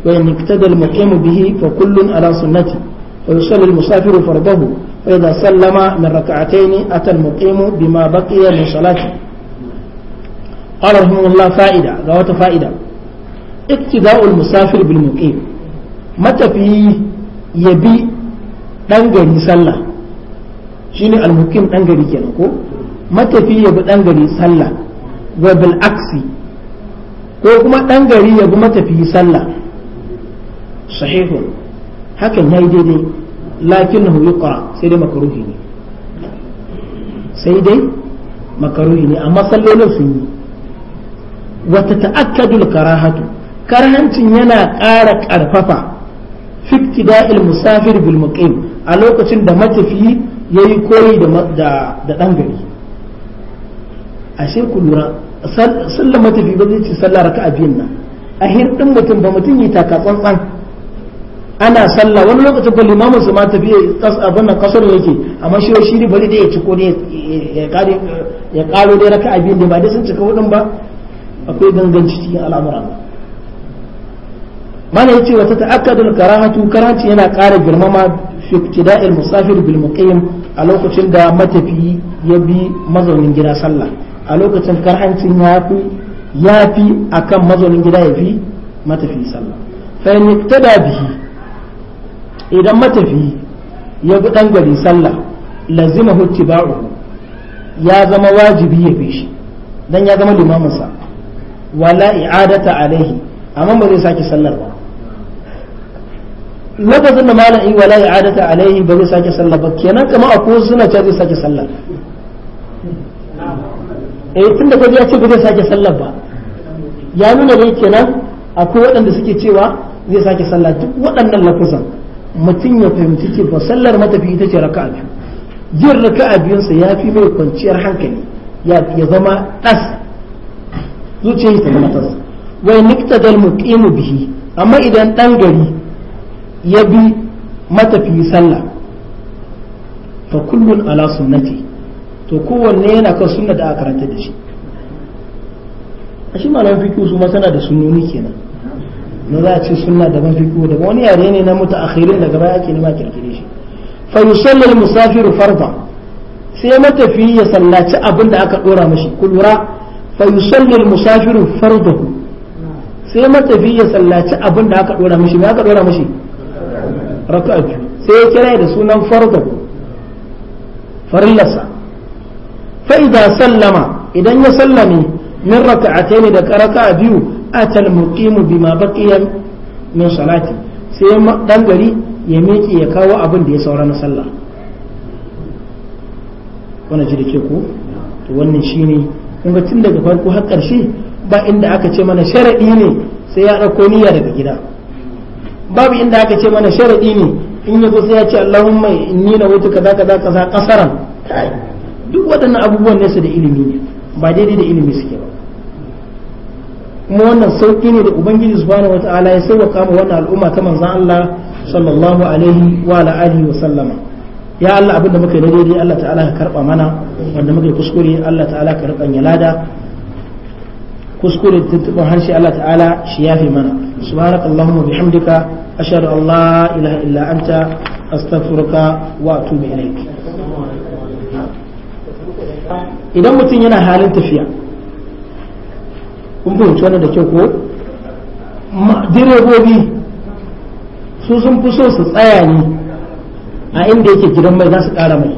وإن اقتدى المقيم به فكل على سنته ويصلي المسافر فرضه فإذا سلم من ركعتين أتى المقيم بما بقي من صلاته قال رحمه الله فائدة غوات فائدة اقتداء المسافر بالمقيم متى في يبي دنجري صلى شيني المقيم دنجري كنكو متى في يبي دنجري صلى وبالعكس ko kuma ɗan gari ya bi matafiyi sallah sahihun hakan ya yi daidai lakin na yuqra sai dai makaruhi ne sai dai makaruhi ne amma sallolin sun yi wata ta'akkadul karahatu karhancin yana ƙara ƙarfafa fi ibtida'il musafir bil muqim a lokacin da matafiyi yayi koyi da da gari ashe ku lura sallar matafi ba zai ci sallah raka'a biyun nan a hirɗin mutum ba mutum yi taka tsantsan ana sallah wani lokacin ba limamin su ma tafi abin nan kasar yake amma shi ne da ya ci ko ya dai ba sun cika hudun ba akwai danganci cikin al'amura mana yace wa ta ta'akkadul karahatu karanci yana ƙara girmama fi ibtida'il musafir bil muqim a lokacin da matafi ya bi mazaunin gida sallah a lokacin karhancin ya fi akan mazaunin gida ya fi matafi sallah fa in iktada bihi idan matafi ya bi dan gari sallah lazimahu ittiba'u ya zama wajibi ya bi shi dan ya zama limamin sa wala i'adata alaihi amma ba zai sake sallar ba lafazin da malam yi wala i'adata alaihi ba zai sake sallar ba kenan kamar a kowace suna ce zai sake sallar eh tun da kwaje ya ce ba zai sake sallar ba ya nuna dai kenan akwai waɗanda suke cewa zai sake sallar duk waɗannan lafazan mutum ya fahimci ce ba sallar matafi ita ce raka'a biyu jin raka'a biyunsa ya fi mai kwanciyar hankali ya zama ɗas zuciyar ta zama tas wai niktadal muqimu bihi amma idan dan gari ya bi matafi sallah fa kullun ala sunnati to kowanne yana kan sunna da aka karanta da shi a shi malamin fiqh su ma tana da sunnoni kenan na za a ce sunna daban fiqh daban wani yare ne na mutu mutaakhirin daga baya ake nema kirkire shi fa yusalli al-musafiru farda sai matafi ya sallaci abin da aka dora mashi kulura fa musafiru fardahu sai matafi ya sallaci abin da aka dora mishi me aka dora mishi raka'a sai ya kira da sunan fardahu farillasa fa idza sallama idan ya sallame min raka'ataini da raka'a biyu atal muqimu bima baqiya min salati sai dan gari ya miƙe ya kawo abin da ya saura na sallah wannan ji da ke ko to wannan shine kun tun daga farko har ƙarshe ba inda aka ce mana sharaɗi ne sai ya ɗauko niyya daga gida babu inda aka ce mana sharaɗi ne in ya zo sai ya ce Allahumma inni na wutu kaza kaza kaza kasaran duk waɗannan abubuwan nesa da ilimi ne ba daidai da ilimi suke ba kuma wannan sauƙi ne da ubangiji subhanahu wataala ya sauƙa ma wannan al'umma ta manzan Allah sallallahu alaihi wa alihi wa sallama ya Allah abin muka yi daidai Allah ta'ala ka karɓa mana wanda muka yi kuskure Allah ta'ala ka rubanya lada kuskure tuntuɓin harshe Allah ta'ala shi yafi mana subhanakallahumma bihamdika ashhadu an la ilaha illa anta astaghfiruka wa atubu ilaik idan mutum yana halin tafiya kun fahimci wannan da kyau ko direbobi su sun fi so su tsaya ne a inda yake gidan mai za su ƙara mai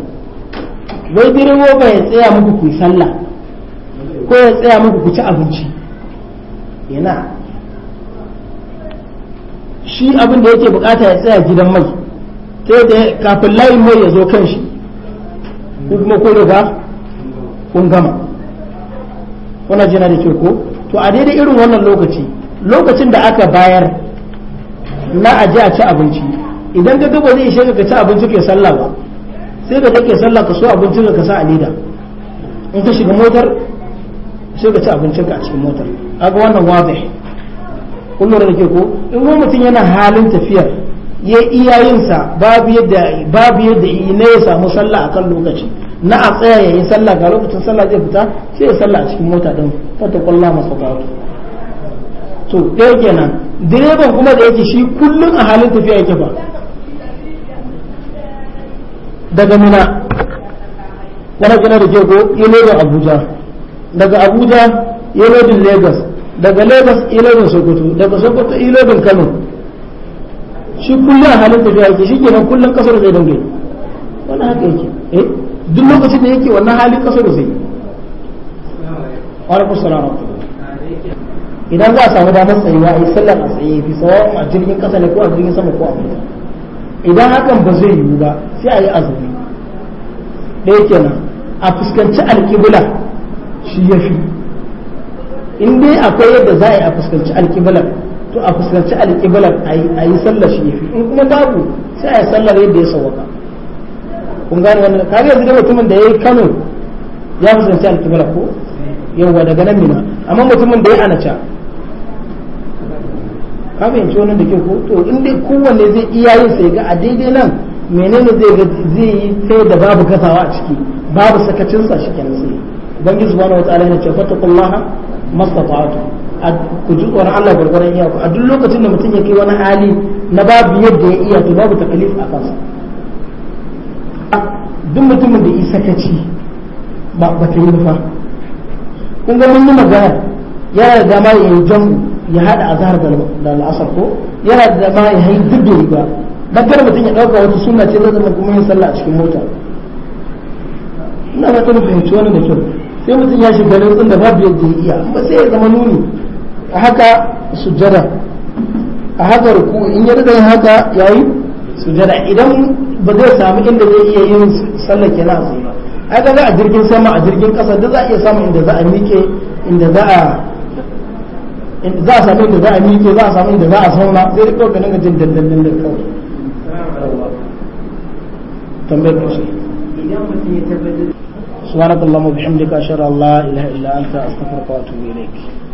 wai direbo ba ya tsaya muku ku sallah ko ya tsaya muku ku ci abinci yana shi abin da yake bukata ya tsaya gidan mai sai da kafin layin mai ya zo kan shi kuma ko riga kun gama kuna jina da ke ko to a daidai irin wannan lokaci lokacin da aka bayar na aje a ci abinci idan ka gaba zai shiga ka ci abinci ke sallah ba sai ka take sallah ka so abincin ka sa a leda in ka shiga motar sai ka ci abincin ka a cikin motar kaga wannan wazi kullum da ke ko in ko mutum yana halin tafiyar ya iya yin sa babu yadda babu yadda ina ya samu sallah akan lokaci na a tsaya yayin sallah ga lokacin sallah zai fita sai ya sallah a cikin mota din fatakwallah masakatu to ɗaya kenan direban kuma da yake shi kullum a halin tafiya yake ba daga mina wani gina da jego ilodin abuja daga abuja ilodin lagos daga lagos ilodin sokoto daga sokoto ilodin kano shi kullum a halin tafiya yake shi nan kullum kasar zai dange wani haka yake eh duk lokacin da yake wannan halin kasar zai wani kusurara idan za a samu damar tsayuwa a yi sallar a tsaye fi tsawon a jirgin kasa ne ko a jirgin sama ko a mota idan hakan ba zai yiwu ba sai a yi azumi ɗaya kenan a fuskanci alƙibla shi ya fi in dai akwai yadda za a yi a fuskanci alƙibla to a fuskanci alƙibla a yi sallar shi ya fi in kuma babu sai a yi sallar yadda ya sawaka kun gane wannan kaga yanzu da mutumin da ya yi kano ya fuskanci alƙibla ko yawwa daga nan mina amma mutumin da ya anaca ka fahimci wannan da ke ko to in dai kowanne zai iya yin sai ga a daidai nan menene zai ga zai yi sai da babu gazawa a ciki babu sakacin sa shi kenan sai ubangiji subhanahu wataala ya ce fattaqullaha mastata'tu ku ji tsoron Allah gurgurun iya ku a duk lokacin da mutum ya kai wani hali na babu yadda ya iya to babu takalif a kansa duk mutumin da isa kaci ba ba ta yi ba kun ga mun yi magana ya riga ma ya yi jangu ya hada zahar da al'asar ko yana da ma ya yi duk da ba dan kar mutum ya dauka wata suna ce zai zama kuma yin sallah a cikin mota ina fata da fahimci wani da kyau sai mutum ya shiga rantsin da babu yadda ya iya ba sai ya zama nuni a haka sujjada a haka ruku in ya riga haka yayi sujjada idan ba zai samu inda zai iya yin sallah kenan sai ba ai kaga a jirgin sama a jirgin kasa duk za a iya samu inda za a mike inda za a in za a samu da za a miƙe za a samu da za a zauna sai da kawai ganin gajin dandandan da kawai tambayar kashi سبحانك اللهم وبحمدك أشهد أن لا إله إلا أنت أستغفرك وأتوب إليك